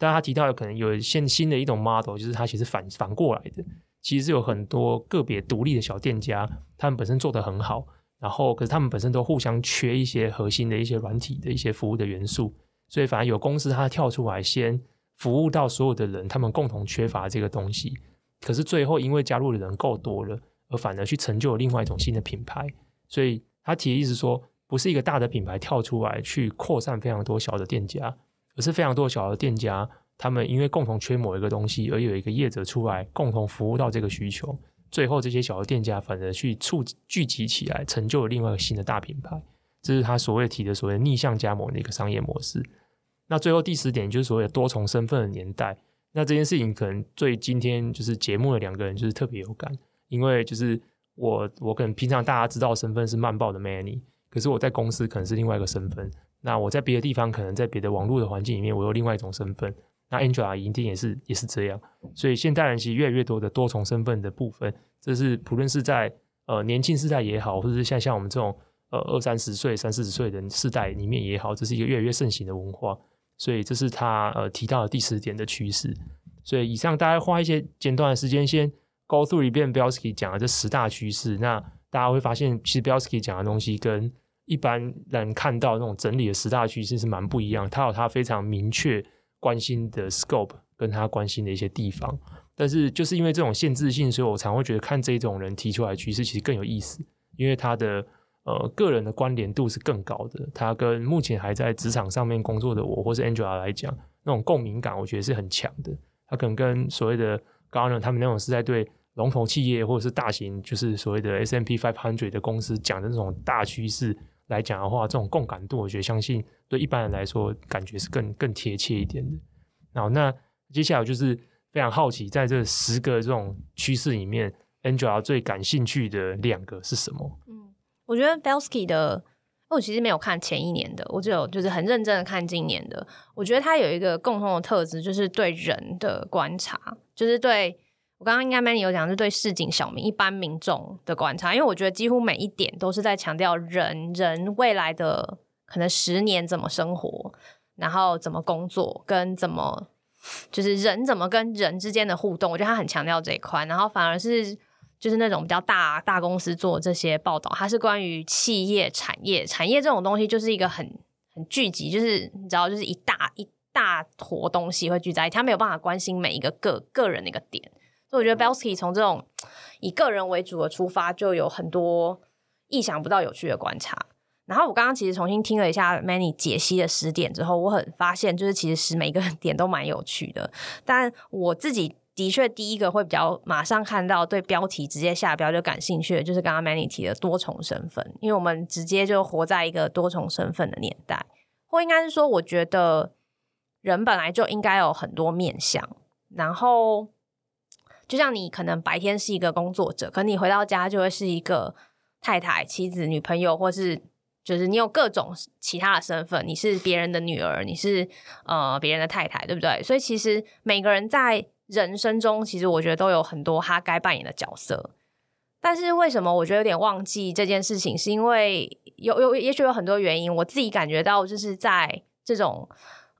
但他提到有可能有現新的一種 model，就是它其實反反過來的，其實有很多個別獨立的小店家，他們本身做得很好，然後可是他們本身都互相缺一些核心的一些軟體的一些服務的元素，所以反而有公司它跳出來先。服務到所有的人，他們共同缺乏這個東西，可是最後因為加入的人夠多了，而反而去成就了另外一種新的品牌。所以他提的意思說，不是一個大的品牌跳出來去擴散非常多小的店家，而是非常多小的店家，他們因為共同缺某一個東西，而有一個業者出來共同服務到這個需求，最後這些小的店家反而去促聚集起來，成就了另外一個新的大品牌。這是他所謂提的所謂逆向加盟的一個商業模式。那最後第十點就是所謂多重身份的年代。那這件事情可能最今天就是節目的兩個人就是特別有感，因為就是我我可能平常大家知道身份是《曼報》的 Manny，可是我在公司可能是另外一個身份。那我在別的地方可能在別的網絡的環境裡面，我有另外一種身份。那 Angela 一定也是也是這樣。所以現代人其實越來越多的多重身份的部分，這是不論是在呃年輕世代也好，或者是像像我們這種呃二三十歲、三四十歲人世代裡面也好，這是一個越來越盛行的文化。所以這是他呃提到的第十點的趨勢。所以以上大家花一些簡短的時間，先 go through 一遍 Belsky 講的這十大趨勢。那大家會發現，其實 Belsky 講的東西跟一般人看到那種整理的十大趨勢是蠻不一樣。他有他非常明確關心的 scope，跟他關心的一些地方。但是就是因為這種限制性，所以我常會覺得看這種人提出來的趨勢其實更有意思，因為他的呃，個人的關聯度是更高的。他跟目前還在職場上面工作的我，或是 Angela 來講，那種共鳴感，我覺得是很強的。他跟跟所謂的 Gartner 呢，他們那種是在對龍頭企業或者是大型，就是所謂的 S&P 500的公司講的那種大趨勢來講的話，這種共感度，我覺得相信對一般人來說，感覺是更更貼切一點的。好，那接下來就是非常好奇，在這十個這種趨勢裡面 Angela 最感興趣的兩個是什麼？我覺得 Belsky 的，我其實沒有看前一年的，我只有就是很認真的看今年的。我覺得他有一個共同的特質，就是對人的觀察，就是對我剛剛應該 Manny 有講，就是對市井小民、一般民眾的觀察。因為我覺得幾乎每一點都是在強調人，人未來的可能十年怎麼生活，然後怎麼工作，跟怎麼就是人怎麼跟人之間的互動。我覺得他很強調這一塊，然後反而是。就是那種比較大大公司做這些報道，它是關於企業、產業、產業這種東西，就是一個很很聚集，就是你知道，就是一大一大坨東西會聚在一起，它沒有辦法關心每一個個個人那個點。所以我覺得 Belsky 從這種以個人為主的出發，就有很多意想不到有趣的觀察。然後我剛剛其實重新聽了一下 Manny 解析的十點之後，我很發現，就是其實是每一個點都蠻有趣的，但我自己。的確，第一個會比較馬上看到對標題直接下標就感興趣的，就是剛剛 Manny 提的多重身份，因為我們直接就活在一個多重身份的年代，或應該是說，我覺得人本來就應該有很多面向。然後，就像你可能白天是一個工作者，可能你回到家就會是一個太太、妻子、女朋友，或是就是你有各種其他的身份，你是別人的女兒，你是呃別人的太太，對不對？所以其實每個人在人生中，其實我覺得都有很多他該扮演的角色，但是為什麼我覺得有點忘記這件事情？是因為有有，也許有很多原因。我自己感覺到，就是在這種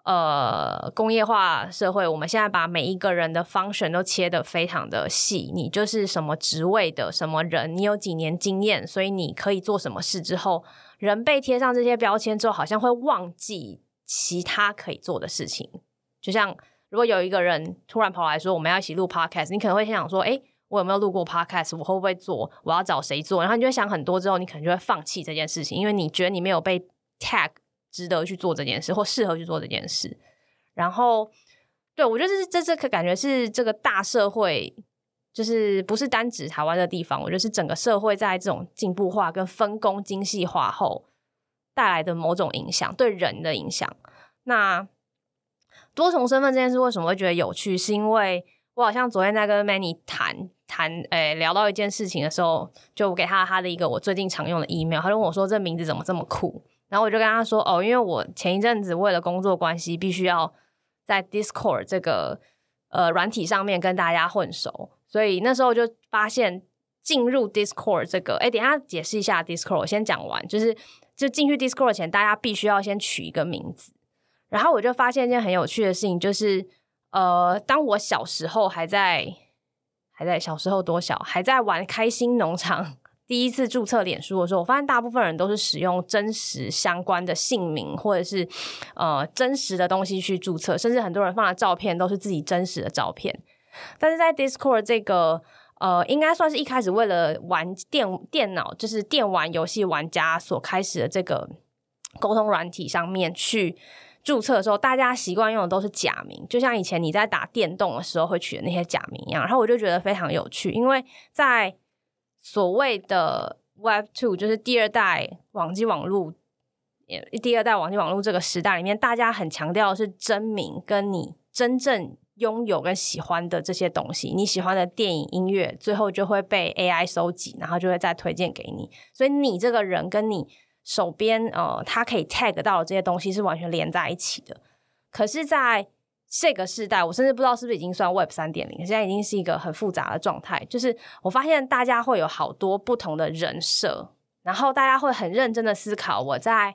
呃工業化社會，我們現在把每一個人的 function 都切得非常的細，你就是什麼職位的什麼人，你有幾年經驗，所以你可以做什麼事之後，人被貼上這些標籤之後，好像會忘記其他可以做的事情，就像。如果有一個人突然跑來說，我們要一起錄 podcast，你可能會想說，誒，我有沒有錄過 podcast？我會不會做？我要找誰做？然後你就會想很多之後，你可能就會放棄這件事情，因為你覺得你沒有被 tag 值得，去做這件事，或適合去做這件事。然後，對，我覺得這是這是可感覺是這個大社會，就是不是單指台灣的地方，我覺得是整個社會在這種進步化跟分工精細化後帶來的某種影響，對人的影響。那。多重身份這件事為什麼會覺得有趣？是因為我好像昨天在跟 Manny 談談，誒、欸，聊到一件事情的時候，就給他他的一個我最近常用的 email，他就問我說：“這名字怎麼這麼酷？”然後我就跟他說：“哦，因為我前一陣子為了工作關係，必須要在 Discord 這個呃軟體上面跟大家混熟，所以那時候我就發現進入 Discord 這個……哎、欸，等一下解釋一下 Discord，我先講完，就是就進去 Discord 前，大家必須要先取一個名字。”然後我就發現一件很有趣的事情，就是，呃，當我小時候還在還在小時候多小，還在玩《開心農場》第一次注冊臉書的時候，我發現大部分人都是使用真實相關的姓名或者是呃真實的東西去注冊，甚至很多人放的照片都是自己真實的照片。但是在 Discord 這個呃，應該算是一開始為了玩電電腦就是電玩遊戲玩家所開始的這個溝通軟體上面去。註冊的時候，大家習慣用的都是假名，就像以前你在打電動的時候會取的那些假名一樣。然後我就覺得非常有趣，因為在所謂的 Web Two，就是第二代網際網絡，也第二代網際網絡這個時代裡面，大家很強調的是真名跟你真正擁有跟喜歡的這些東西。你喜歡的電影、音樂，最後就會被 AI 收集，然後就會再推薦給你。所以你這個人跟你。手邊，呃，它可以 tag 到的這些東西是完全連在一起的。可是，在這個時代，我甚至不知道是不是已經算 Web 三點零，現在已經是一個很複雜的狀態。就是我發現大家會有好多不同的人設，然後大家會很認真的思考，我在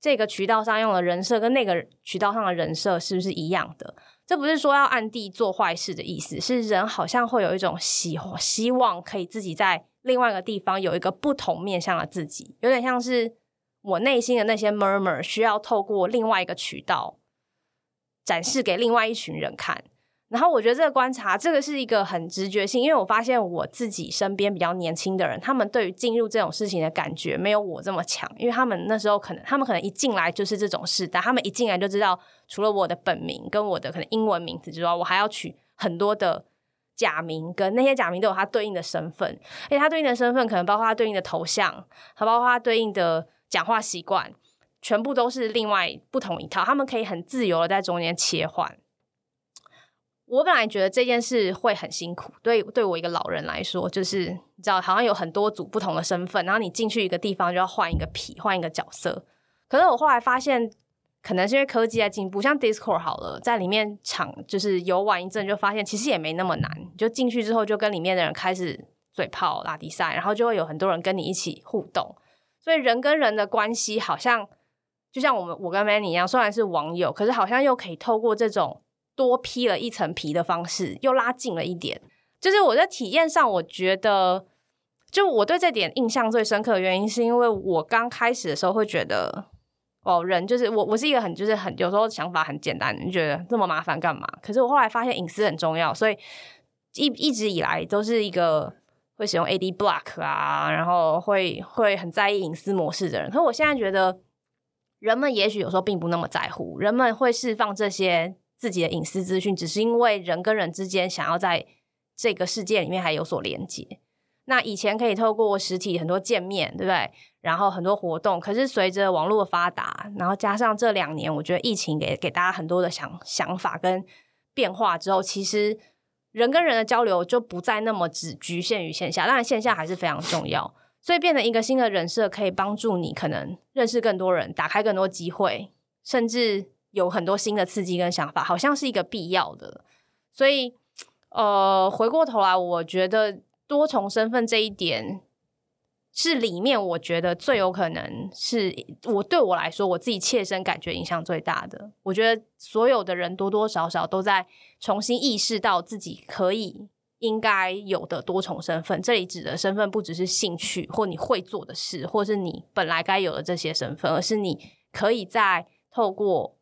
這個渠道上用的人設跟那個渠道上的人設是不是一樣的？這不是說要暗地做壞事的意思，是人好像會有一種希希望可以自己在，另外一個地方有一個不同面向的自己，有點像是我內心的那些 murmur，需要透過另外一個渠道，展示給另外一群人看。然後我覺得這個觀察，這個是一個很直覺性，因為我發現我自己身邊比較年輕的人，他們對於進入這種事情的感覺沒有我這麼強，因為他們那時候可能，他們可能一進來就是這種世代，他們一進來就知道，除了我的本名跟我的可能英文名字之外，我還要取很多的。假名跟那些假名都有他對應的身份，而且他對應的身份可能包括他對應的頭像，還包括他對應的講話習慣，全部都是另外不同一套。他們可以很自由的在中間切換。我本來覺得這件事會很辛苦，對對我一個老人來說，就是你知道好像有很多組不同的身份，然後你進去一個地方就要換一個皮，換一個角色。可是我後來發現。可能是因為科技在進步，像 Discord 好了，在裡面搶就是遊玩一陣，就發現其實也沒那麼難。就進去之後，就跟裡面的人開始嘴炮拉低賽，然後就會有很多人跟你一起互動。所以人跟人的關係好像就像我們我跟 Manny 一樣，雖然是網友，可是好像又可以透過這種多披了一層皮的方式，又拉近了一點。就是我在體驗上，我覺得就我對這點印象最深刻的原因，是因為我剛開始的時候會覺得。哦，人就是我，我是一個很就是很有時候想法很簡單，你覺得這麼麻煩幹嘛？可是我後來發現隱私很重要，所以一一直以來都是一個會使用 Ad Block 啊，然後會會很在意隱私模式的人。可我現在覺得，人們也許有時候並不那麼在乎，人們會釋放這些自己的隱私資訊，只是因為人跟人之間想要在這個世界裡面還有所連接。那以前可以透過實體很多見面對不對？然後很多活動，可是隨着網絡的發達，然後加上這兩年，我覺得疫情給給大家很多的想想法跟變化之後，其實人跟人的交流就不再那麼只侷限於線下，當然線下還是非常重要，所以變成一個新的人設可以幫助你可能認識更多人，打開更多機會，甚至有很多新的刺激跟想法，好像是一個必要的。所以，呃，回過頭來，我覺得。多重身份，這一點是裡面，我覺得最有可能是我對我來說，我自己切身感覺影響最大的。我覺得所有的人多多少少都在重新意識到自己可以應該有的多重身份。這裡指的身份不只是興趣或你會做的事，或是你本來該有的這些身份，而是你可以在透過。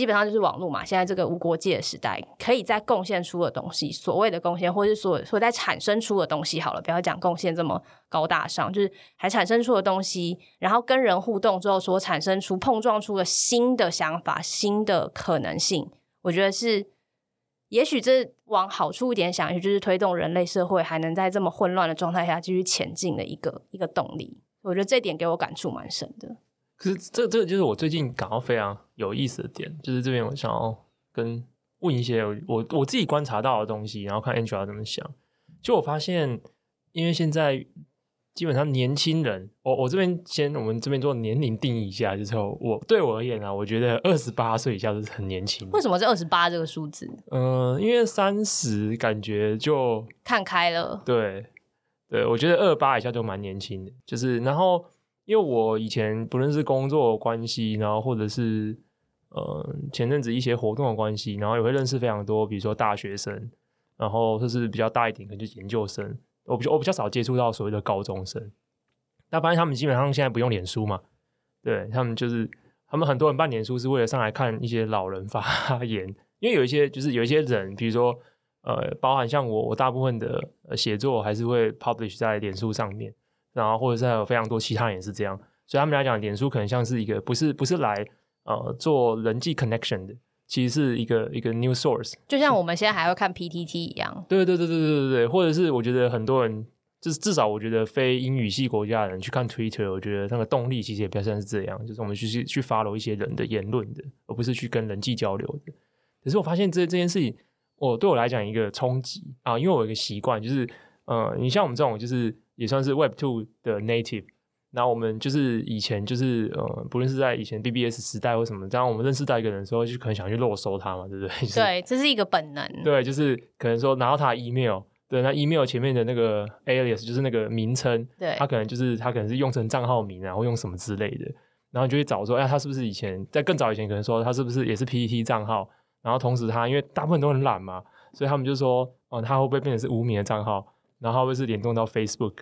基本上就是網絡嘛，現在這個無國界的時代，可以再貢獻出的東西，所謂的貢獻，或是所所在產生出的東西，好了，不要講貢獻這麼高大上，就是還產生出的東西，然後跟人互動之後，所產生出碰撞出的新的想法、新的可能性，我覺得是，也許這是往好處一點想，也就是推動人類社會還能在這麼混亂的狀態下繼續前進的一個一個動力。我覺得這點給我感觸蠻深的。可是這這個就是我最近感到非常。有意思的點，就是這邊我想要跟問一些我我自己觀察到的東西，然後看 Angela 怎麼想。就我發現，因為現在基本上年輕人，我我這邊先我們這邊做年齡定義一下之後，就是我對我而言啊，我覺得二十八歲以下都是很年輕。為什麼是二十八這個數字？嗯、呃，因為三十感覺就看開了。對對，我覺得二十八以下就蠻年輕的。就是然後因為我以前不論是工作關係，然後或者是呃，前陣子一些活動的關係，然後也會認識非常多，比如說大學生，然後就是比較大一點，可能就是研究生。我比較我比較少接觸到所謂的高中生。那發現他們基本上現在不用臉書嘛？對，他們就是，他們很多人辦臉書是為了上來看一些老人發言，因為有一些就是有一些人，比如說呃，包含像我，我大部分的呃寫作還是會 publish 在臉書上面，然後或者是還有非常多其他人也是這樣，所以他們來講，臉書可能像是一個不是不是來。呃，做人際 connection 的，其實是一個一個 news source，就像我們現在還要看 PTT 一樣。對 [laughs] 對對對對對對，或者是我覺得很多人，就是至少我覺得非英語系國家的人去看 Twitter，我覺得那個動力其實也比較像是這樣，就是我們去去去 follow 一些人的言論的，而不是去跟人際交流的。可是我發現這這件事情，我對我來講一個衝擊啊，因為我有一個習慣就是，呃，你像我們這種就是也算是 Web Two 的 native。然後我們就是以前就是呃、嗯，不論是在以前 BBS 時代或什麼，當我們認識到一個人的時候，就可能想去落搜他嘛，對不對？就是、對，這是一個本能。對，就是可能說拿到他 email，對，那 email 前面的那個 alias 就是那個名稱，對他可能就是他可能是用成賬號名，然後用什麼之類的，然後你就去找說，哎，他是不是以前在更早以前可能說他是不是也是 PTT 賬號？然後同時他因為大部分都很懶嘛，所以他們就說，哦，他會不會變成是無名的賬號？然後會,會是聯動到 Facebook，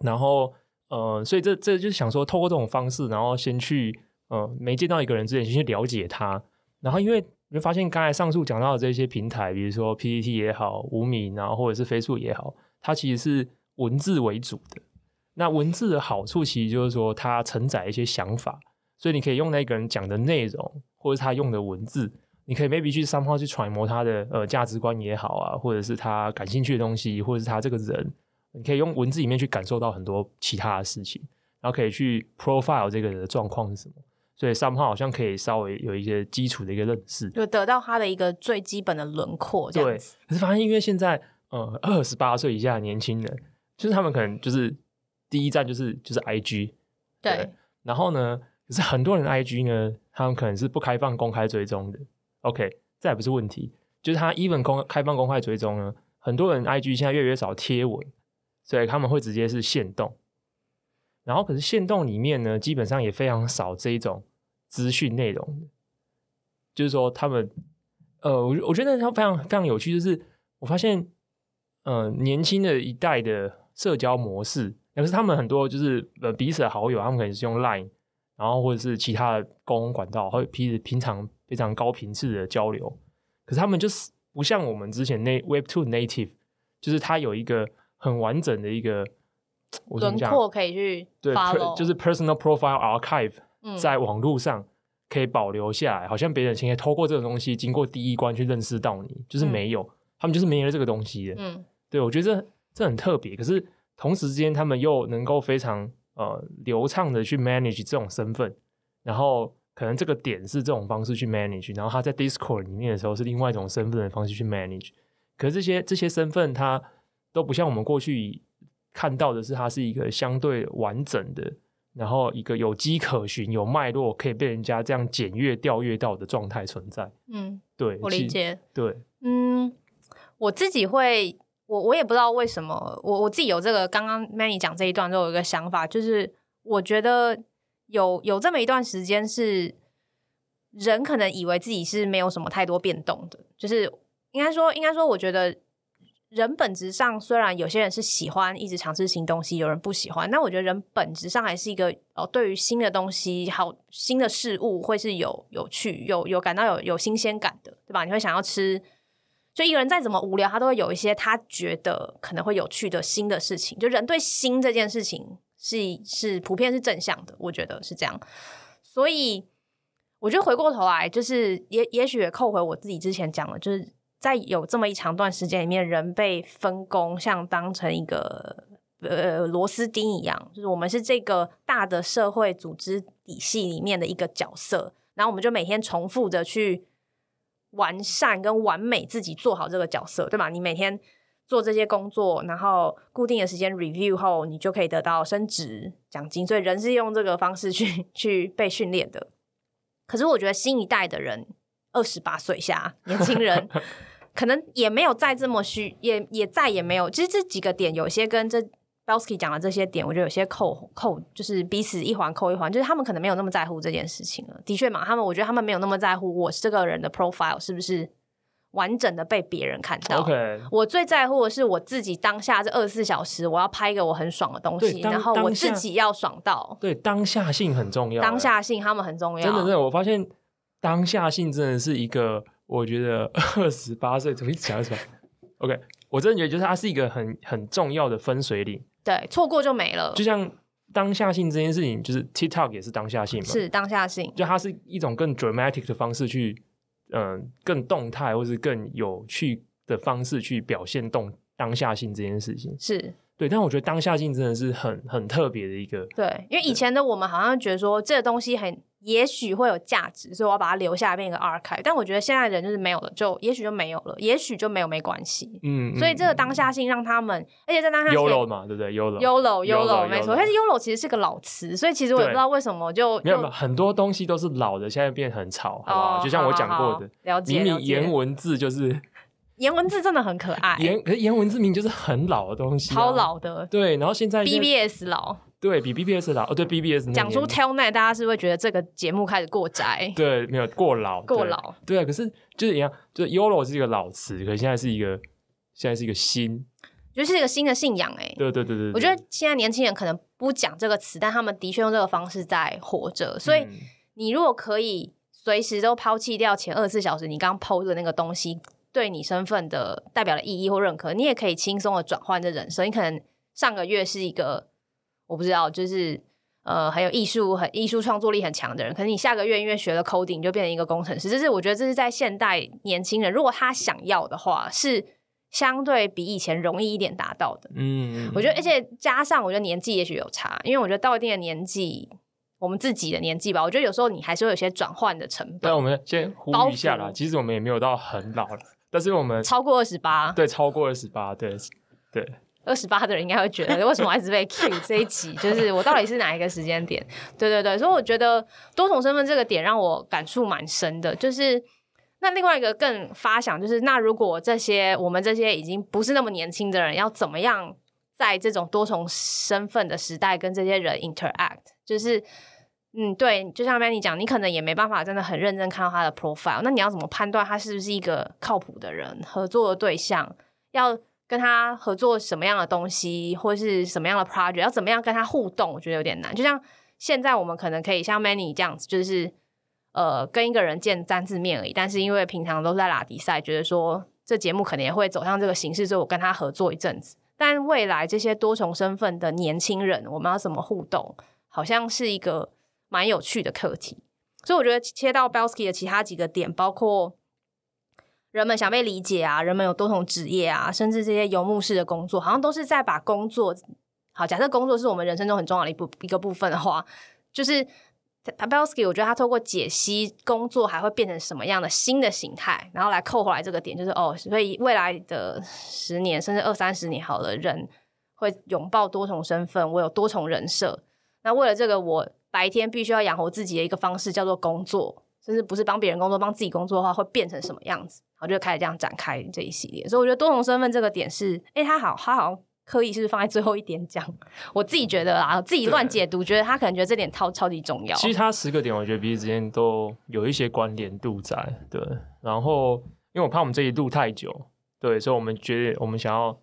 然後。呃，所以這這就是想說，透過這種方式，然後先去呃沒見到一個人之前，先去了解他。然後因為你會發現，剛才上述講到的這些平台，比如說 PTT 也好，無名然後或者是 Facebook 也好，它其實是文字為主的。那文字的好處，其實就是說它承載一些想法，所以你可以用那個人講的內容，或者他用的文字，你可以 maybe 去 somehow 去揣摩他的呃價值觀也好啊，或者是他感興趣的東西，或者是他這個人。你可以用文字裡面去感受到很多其他的事情，然後可以去 profile 這個人的狀況是什麼，所以 somehow 好像可以稍微有一些基礎的一個認識，就得到他的一個最基本的輪廓這樣。對，可是發現因為現在呃二十八歲以下的年輕人，就是他們可能就是第一站就是就是 IG，對，對然後呢，可是很多人的 IG 呢，他們可能是不開放公開追蹤的，OK，這也不是問題，就是他 even 公開，開放公開追蹤呢，很多人的 IG 現在越來越少貼文。所以他們會直接是限動，然後可是限動裡面呢，基本上也非常少這一種資訊內容就是說他們，呃，我我覺得它非常非常有趣，就是我發現，呃，年輕的一代的社交模式，可是他們很多就是呃彼此的好友，他們可能是用 Line，然後或者是其他的公共管道，或者平時平常非常高頻次的交流，可是他們就是不像我們之前那 Web Two Native，就是他有一個。很完整的一個輪廓可以去對，per, 就是 personal profile archive，在網絡上可以保留下來。嗯、好像別人先透過這個東西，經過第一關去認識到你，就是沒有，嗯、他們就是沒有這個東西的。嗯，對我覺得這，這很特別。可是同時之間，他們又能夠非常呃流暢的去 manage 這種身份，然後可能這個點是這種方式去 manage，然後他在 Discord 裡面的時候是另外一種身份的方式去 manage。可是這些這些身份，他都不像我們過去看到的是，它是一個相對完整的，然後一個有跡可循、有脈絡可以被人家這樣檢閱、調閱到的狀態存在。嗯，對，我理解。對，嗯，我自己會，我我也不知道為什麼，我我自己有這個。剛剛 Manny 講這一段就有一個想法，就是我覺得有有這麼一段時間，是人可能以為自己是沒有什麼太多變動的，就是應該說，應該說，我覺得。人本質上雖然有些人是喜歡一直嘗試新東西，有人不喜歡。那我覺得人本質上還是一個哦，對於新的東西、好新的事物會是有有趣、有有感到有有新鮮感的，對吧？你會想要吃，就一個人再怎麼無聊，他都會有一些他覺得可能會有趣的新的事情。就人對新這件事情是是普遍是正向的，我覺得是這樣。所以我覺得回過頭來，就是也也許也扣回我自己之前講了，就是。在有這麼一長段時間裡面，人被分工，像當成一個呃螺絲釘一樣，就是我們是這個大的社會組織體系裡面的一個角色，然後我們就每天重複着去完善，跟完美自己，做好這個角色，對吧？你每天做這些工作，然後固定的時間 review 後，你就可以得到升職獎金。所以人是用這個方式去去被訓練的。可是我覺得新一代的人。二十八歲以下年輕人， [laughs] 可能也沒有再這麼虛，也也再也沒有。其實這幾個點，有些跟這 Belsky 講的這些點，我覺得有些扣扣，就是彼此一環扣一環，就是他們可能沒有那麼在乎這件事情了。的確嘛，他們我覺得他們沒有那麼在乎，我這個人的 profile 是不是完整的被別人看到。Okay. 我最在乎的是我自己當下這二十四小時，我要拍一個我很爽的東西，然後我自己要爽到。對，當下性很重要欸，當下性他們很重要。真的對，我發現。當下性真的是一個，我覺得二十八歲怎麼一講起來 [laughs] o、okay, k 我真的覺得就是它是一個很很重要的分水嶺，對，錯過就沒了。就像當下性這件事情，就是 TikTok 也是當下性嘛，是當下性，就它是一種更 dramatic 的方式去，嗯、呃，更動態或是更有趣的方式去表現動當下性這件事情，是。對，但我覺得當下性真的是很很特別的一個。對，因為以前的我們好像覺得說這個東西很也許會有價值，所以我要把它留下來，變一個 archive。但我覺得現在人就是沒有了，就也許就沒有了，也許就沒有，就沒，有沒關係。嗯，所以這個當下性讓他們，嗯、而且在當下。YOLO 嘛，對不對？YOLO YOLO YOLO 沒錯。但是 YOLO 其實是個老詞，所以其實我也不知道為什麼就沒有很多東西都是老的，現在變很潮，好不好？哦、就像我講過的，哦、好好了解。了解明明言文字就是。顏文字真的很可愛， [laughs] 顏可是顏文字名就是很老的東西、啊，超老的。對，然後現在，在 BBS 老，對比 BBS 老哦，對 BBS 講出 telnet，大家是不是會覺得這個節目開始過宅， [laughs] 對，沒有過老，過老，過老對啊。可是就是一樣，就就 YOLO 是一個老詞，可現在是一個現在是一個新，就是一個新的信仰哎、欸。對，對對對對，我覺得現在年輕人可能不講這個詞，但他們的確用這個方式在活着。所以、嗯、你如果可以隨時都拋棄掉前二十四小時你剛 PO 的那個東西。對你身份的代表的意義或認可，你也可以輕鬆的轉換這人生。所以你可能上個月是一個，我不知道，就是呃，很有藝術、很藝術創作力很強的人，可能你下個月因為學了 coding 就變成一個工程師。這是我覺得這是在現代年輕人，如果他想要的話，是相對比以前容易一點達到的。嗯，我覺得，而且加上我覺得年紀也許有差，因為我覺得到一定的年紀，我們自己的年紀吧，我覺得有時候你還是會有些轉換的成本。但我們先呼一下啦，包括，其實我們也沒有到很老了。但是我們超過二十八，對，超過二十八，對，對，二十八的人應該會覺得， [laughs] 為什麼還是被 cue 這一集？就是我到底是哪一個時間點？對對對，所以我覺得多重身份這個點讓我感觸蠻深的。就是那另外一個更發想，就是那如果這些我們這些已經不是那麼年輕的人，要怎麼樣在這種多重身份的時代跟這些人 interact？就是。嗯，對，就像 Manny 講，你可能也沒辦法真的很認真看到他的 profile。那你要怎麼判斷他是不是一個靠譜的人？合作的對象要跟他合作什麼樣的東西，或是什麼樣的 project？要怎麼樣跟他互動？我覺得有點難。就像現在我們可能可以像 Manny 這樣子，就是呃，跟一個人見三次面而已。但是因為平常都在拉比賽，覺得說這節目可能也會走向這個形式，所以我跟他合作一陣子。但未來這些多重身份的年輕人，我們要怎麼互動？好像是一個。蠻有趣的課題，所以我覺得切到 Belsky 的其他幾個點，包括人們想被理解啊，人們有多重職業啊，甚至這些游牧式的工作，好像都是在把工作。好，假設工作是我們人生中很重要的一部一個部分的話，就是他 Belsky，我覺得他透過解析工作還會變成什麼樣的新的形態，然後來扣回來這個點，就是哦，所以未來的十年甚至二三十年，好的人會擁抱多重身份，我有多重人設，那為了這個我。白天必須要養活自己的一個方式叫做工作，甚至不是幫別人工作，幫自己工作的話會變成什麼樣子？我就開始這樣展開這一系列，所以我覺得多重身份這個點是，哎、欸，他好，他好像刻意是放在最後一點講。我自己覺得啊，自己亂解讀，對覺得他可能覺得這點超超級重要。其實他十個點，我覺得彼此之間都有一些關聯度在。對，然後因為我怕我們這集錄太久，對，所以我們覺得我們想要，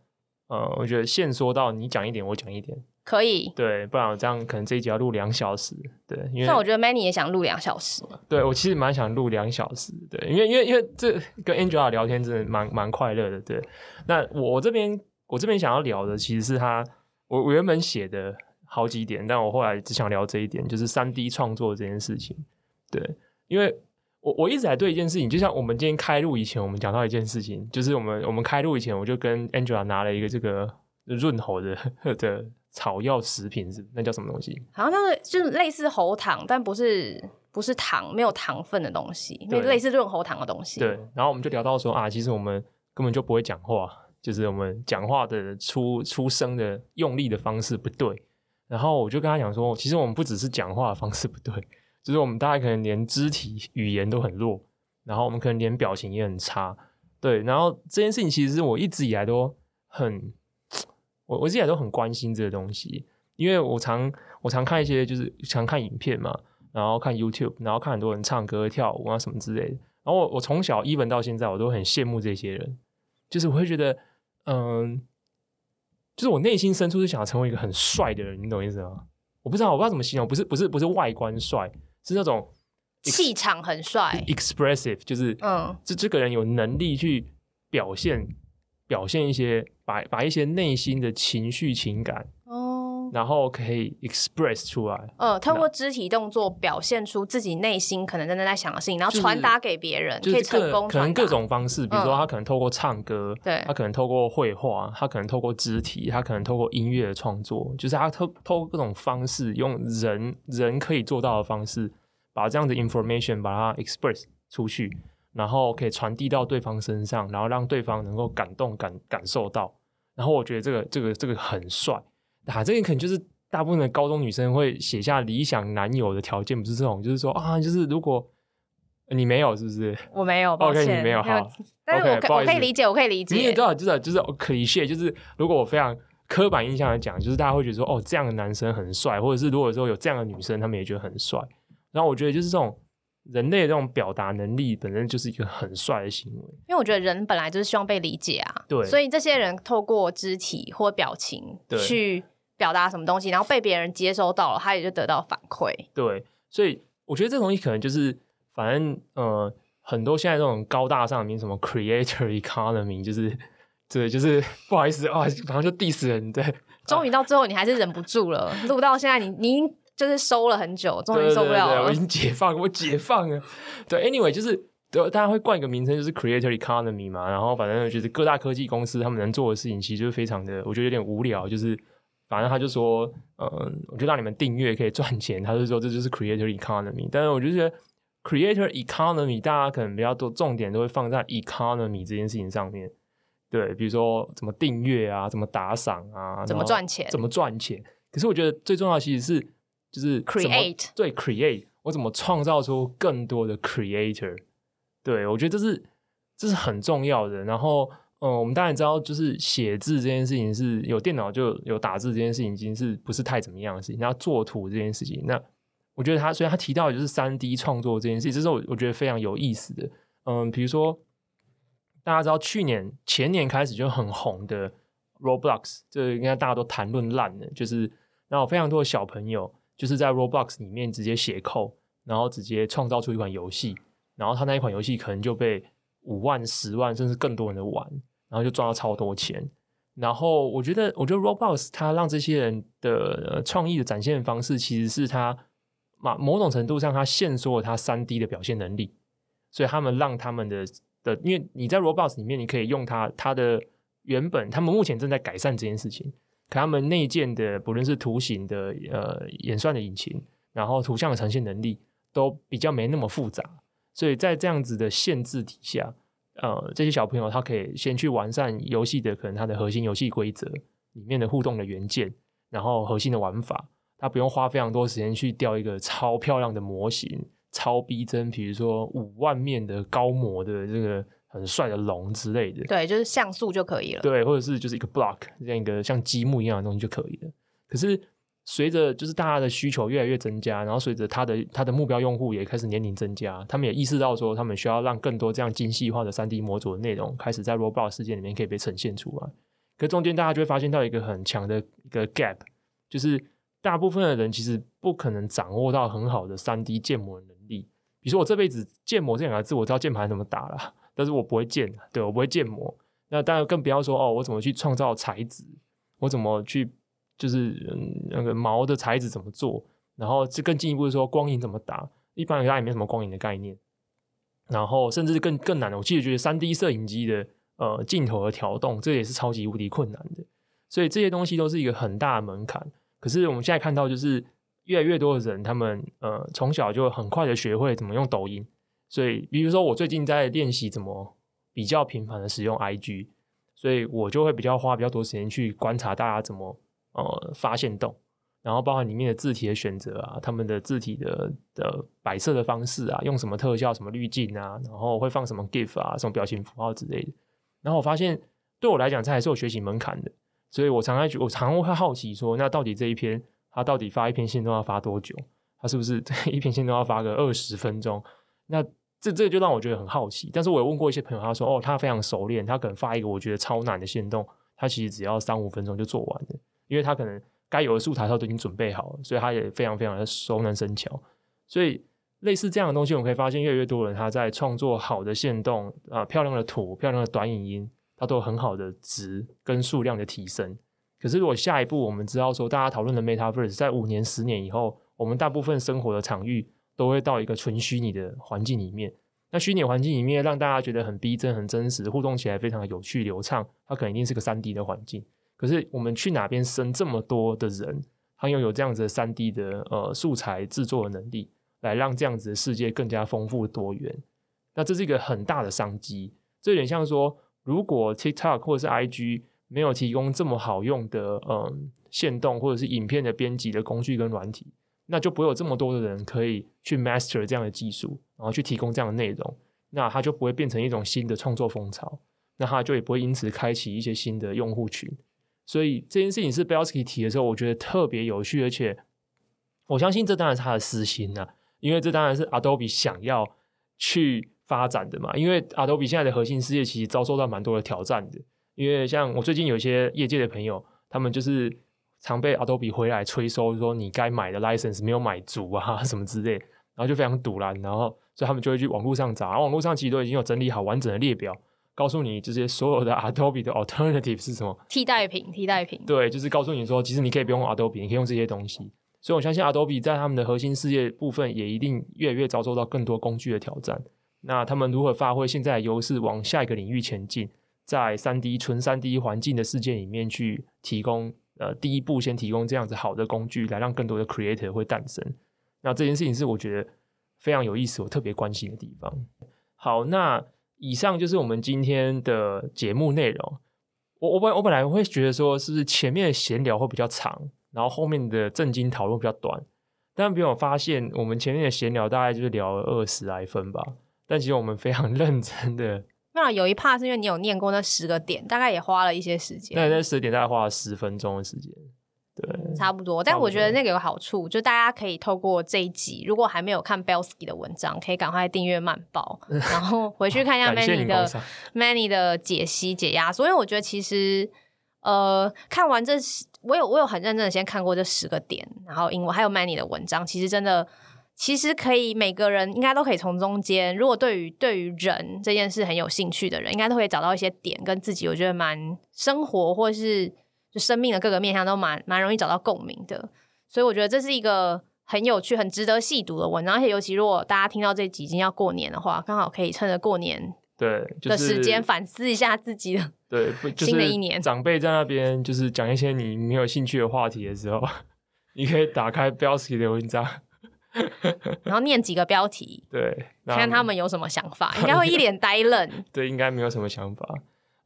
呃，我覺得限縮到你講一點，我講一點。可以，對，不然我這樣可能這一集要錄兩小時，對，因為，但我覺得 Manny 也想錄兩小時，對，我其實蠻想錄兩小時，對，因為，因為，因為這跟 Angela 聊天真的蠻蠻快樂的，對。那我我這邊我這邊想要聊的其實是他我我原本寫的好幾點，但我後來只想聊這一點，就是 3D 創作這件事情，對，因為我我一直在對一件事情，就像我們今天開錄以前，我們講到一件事情，就是我們我們開錄以前，我就跟 Angela 拿了一個這個潤喉的的。草藥食品是那叫什麼東西？好像就是就是類似喉糖，但不是不是糖，沒有糖分的東西，類對類似潤喉糖的東西。對，然後我們就聊到說啊，其實我們根本就不會講話，就是我們講話的出出聲的用力的方式不對。然後我就跟他講說，其實我們不只是講話的方式不對，就是我們大概可能連肢體語言都很弱，然後我們可能連表情也很差。對，然後這件事情其實是我一直以來都很。我我自己也都很關心這個東西，因為我常我常看一些，就是常看影片嘛，然後看 YouTube，然後看很多人唱歌、跳舞啊什麼之類的。然後我我從小一 n 到現在，我都很羨慕這些人，就是我會覺得，嗯，就是我內心深處是想成為一個很帥的人，你懂意思嗎？我不知道，我不知道怎麼形容，不是不是不是外觀帥，是那種氣場很帥，expressive，就是嗯，這這個人有能力去表現表現一些。把把一些內心的情緒情感哦，oh. 然後可以 express 出來。呃，uh, 透過肢體動作表現出自己內心可能真的在想的事情，那就是，然後傳達給別人，就是，可以成功傳達。可能各種方式，比如說他可能透過唱歌，對，uh. 他可能透過繪畫，他可能透過肢體，他可能透過音樂的創作，就是他透透過各種方式，用人人可以做到的方式，把這樣的 information 把它 express 出去。然後可以傳遞到對方身上，然後讓對方能夠感動感感受到。然後我覺得這個這個這個很帥，啊，這個可能就是大部分的高中女生會寫下理想男友的條件，不是這種，就是說啊，就是如果你沒有，是不是？我沒有，o、okay, k 你沒有。好，但是我可, okay, 不好意思，我可以理解，我可以理解。你也知道、啊，就是就是 cliché，就是如果我非常刻板印象來講，就是大家會覺得說，哦，這樣的男生很帥，或者是如果說有這樣的女生，他們也覺得很帥。然後我覺得就是這種。人類的這種表達能力本身就是一個很帥的行為，因為我覺得人本來就是希望被理解啊。對，所以這些人透過肢體或表情去表達什麼東西，對然後被別人接收到了，他也就得到反饋。對，所以我覺得這東西可能就是，反正呃，很多現在這種高大上名什麼 creator economy，就是對，就是不好意思啊，反正就 diss 人。對，終於到最後你還是忍不住了，錄 [laughs] 到現在你你。就是收了很久，終於受不了了。對對對，我已經解放，我解放了。對，anyway，就是大家會冠一個名稱，就是 creator economy 嘛。然後反正就是各大科技公司他們能做的事情，其實就是非常的，我覺得有點無聊。就是反正他就說，嗯，我就讓你們訂閱可以賺錢。他就說這就是 creator economy。但是我就覺得 creator economy 大家可能比較多，重點都會放在 economy 這件事情上面。對，比如說怎麼訂閱啊，怎麼打賞啊，怎麼賺錢，怎麼賺錢。可是我覺得最重要的其實是。就是 create，對 create，我怎麼創造出更多的 creator？對我覺得這是這是很重要的。然後，嗯我們當然知道，就是寫字這件事情是有電腦就有打字這件事情已經是不是太怎麼樣的事情。然後做圖這件事情，那我覺得他，所以他提到的就是 3D 創作這件事情，這是我我覺得非常有意思的。嗯，比如說大家知道去年前年開始就很紅的 Roblox，這應該大家都談論爛了，就是然後非常多的小朋友。就是在 Roblox 裡面直接寫扣，然後直接創造出一款遊戲，然後他那一款遊戲可能就被五萬、十萬甚至更多人的玩，然後就賺到超多錢。然後我覺得，我覺得 Roblox 它讓這些人的創意的展現方式，其實是它嘛，某種程度上它限縮了它三 D 的表現能力，所以他們讓他們的的，因為你在 Roblox 裡面，你可以用它它的原本，他們目前正在改善這件事情。他們內建的不論是圖形的呃演算的引擎，然後圖像的呈現能力都比較沒那麼複雜，所以在這樣子的限制底下，呃，這些小朋友他可以先去完善遊戲的可能它的核心遊戲規則裡面的互動的元件，然後核心的玩法，他不用花非常多時間去雕一個超漂亮的模型、超逼真，比如說五萬面的高模的這個。很帥的龍之類的，對，就是像素就可以了，對，或者是就是一個 block 這樣一個像積木一樣的東西就可以了。可是隨着就是大家的需求越來越增加，然後隨着他的他的目標用戶也開始年齡增加，他們也意識到說他們需要讓更多這樣精細化的三 D 模組的內容開始在 Roblox 世界裡面可以被呈現出來。可中間大家就會發現到一個很強的一個 gap，就是大部分的人其實不可能掌握到很好的三 D 建模的能力。比如說我這輩子建模這兩個字，我知道鍵盤怎麼打了。但是我不會建，對，我不會建模。那當然更不要說哦，我怎麼去創造材質？我怎麼去就是、嗯、那個毛的材質怎麼做？然後這更進一步的說，光影怎麼打？一般人家也沒什麼光影的概念。然後甚至更更難的，我記得覺得 3D 攝影機的呃鏡頭的調動，這也是超級無敵困難的。所以這些東西都是一個很大的門檻。可是我們現在看到，就是越來越多的人，他們呃從小就很快的學會怎麼用抖音。所以，比如說，我最近在練習怎麼比較頻繁的使用 IG，所以我就會比較花比較多時間去觀察大家怎麼呃發限動，然後包含裡面的字體的選擇啊，他們的字體的的擺設的方式啊，用什麼特效、什麼濾鏡啊，然後會放什麼 GIF 啊、什麼表情符號之類的。然後我發現，對我來講，這還是有學習門檻的。所以我常常，我常常會好奇說，那到底這一篇，他到底發一篇限動要發多久？他是不是一篇限動要發個二十分鐘？那這這個就讓我覺得很好奇，但是我也問過一些朋友，他說：“哦，他非常熟練，他可能發一個我覺得超難的限動，他其實只要三五分鐘就做完了，因為他可能該有的素材他都已經準備好了，所以他也非常非常的熟能生巧。所以類似這樣的東西，我們可以發現，越來越多人他在創作好的限動啊、漂亮的圖、漂亮的短影音，它都有很好的值跟數量的提升。可是如果下一步我們知道說，大家討論的 Metaverse 在五年、十年以後，我們大部分生活的場域。”都會到一個純虛擬的環境裡面，那虛擬環境裡面讓大家覺得很逼真、很真實，互動起來非常有趣、流暢。它肯定是一個三 D 的環境。可是我們去哪邊生這麼多的人，他擁有這樣子的三 D 的呃素材制作的能力，來讓這樣子的世界更加豐富多元。那這是一個很大的商機。這有點像說，如果 TikTok 或者是 IG 沒有提供這麼好用的嗯，限、呃、動或者是影片的編輯的工具跟軟體。那就不會有這麼多的人可以去 master 這樣的技術，然後去提供這樣的內容，那它就不會變成一種新的創作風潮，那它就也不會因此開啟一些新的用戶群。所以這件事情是 Belsky 提的時候，我覺得特別有趣，而且我相信這當然是他的私心啦、啊，因為這當然是 Adobe 想要去發展的嘛。因為 Adobe 現在的核心事業其實遭受到蠻多的挑戰的，因為像我最近有一些業界的朋友，他們就是。常被 Adobe 回來催收，就是、說你該買的 license 沒有買足啊，什麼之類，然後就非常賭爛，然後所以他們就會去網路上找，然後網絡上其實都已經有整理好完整的列表，告訴你這些所有的 Adobe 的 alternative 是什麼替代品，替代品，對，就是告訴你說，其實你可以不用 Adobe，你可以用這些東西。所以我相信 Adobe 在他們的核心事業部分，也一定越來越遭受到更多工具的挑戰。那他們如何發揮現在的優勢，往下一個領域前進，在三 D 純三 D 環境的世界裡面去提供？呃，第一步先提供這樣子好的工具，來讓更多的 creator 會誕生。那這件事情是我覺得非常有意思，我特別關心的地方。好，那以上就是我們今天的節目內容。我我本我本來會覺得說，是不是前面的閒聊會比較長，然後後面的正經討論比較短。但比我發現，我們前面的閒聊大概就是聊了二十來分吧，但其實我們非常認真的。沒有，有一怕是因為你有念過那十個點，大概也花了一些時間。對，那十個點大概花了十分鐘的時間，對、嗯，差不多。但我覺得那個有好處，就大家可以透過這一集，如果還沒有看 Belsky 的文章，可以趕快訂閱曼報。 [laughs] 然後回去看一下 Manny 的 Manny 的解析解壓。所以我覺得其實，呃，看完這十，我有我有很認真的先看過這十個點，然後因為還有 Manny 的文章，其實真的。其實可以，每個人應該都可以從中間。如果對於對於人這件事很有興趣的人，應該都可以找到一些點跟自己。我覺得蠻生活或是就生命的各個面向都蠻蠻容易找到共鳴的。所以我覺得這是一個很有趣，很值得細讀的文章。而且，尤其如果大家聽到這集，已經要過年的話，剛好可以趁着過年對的時間反思一下自己。對，就是，新的一年，對就是，長輩在那邊就是講一些你沒有興趣的話題的時候，你可以打開 Belsky 的文章。 [laughs] 然後念幾個標題，對，看他們有什麼想法，應該會一臉呆愣。 [laughs] 對，應該沒有什麼想法。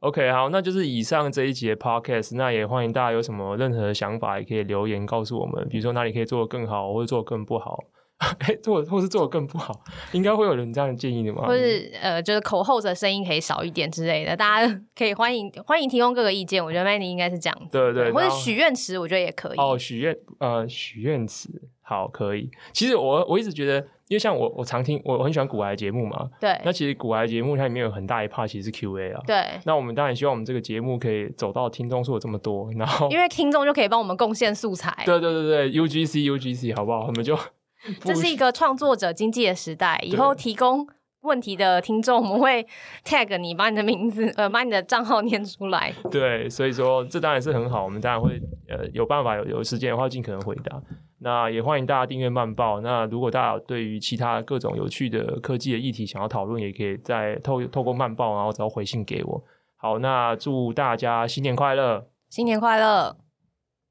OK，好，那就是以上這一集 Podcast。那也歡迎大家有什麼任何想法，也可以留言告訴我們。比如說哪裡可以做的更好，或者做的更不好，哎、 [laughs] 欸，做或是做的更不好，應該會有人這樣的建議的嗎 [laughs] 或是呃，就是 co-host 的聲音可以少一點之類的，大家可以歡迎歡迎提供各個意見。我覺得 Manny 應該是這樣對，對對。或者許願池，我覺得也可以。哦，許願呃，許願池。好，可以。其實我我一直覺得，因為像我，我常聽，我很喜歡 call in 節目嘛。對。那其實 call in 節目它裡面有很大一 part 其實是 Q&A 啊。對。那我們當然希望我們這個節目可以走到聽眾數有這麼多，然後因為聽眾就可以幫我們貢獻素材。對對對對，UGC UGC，好不好？我們就這是一個創作者經濟的時代。以後提供問題的聽眾，我們會 tag 你，把你的名字呃，把你的賬號念出來。對，所以說這當然是很好。我們當然會呃有辦法有有時間的話，盡可能回答。那也歡迎大家訂閱曼報。那如果大家對於其他各種有趣的科技的議題想要討論，也可以在透透過曼報，然後找回信給我。好，那祝大家新年快樂！新年快樂！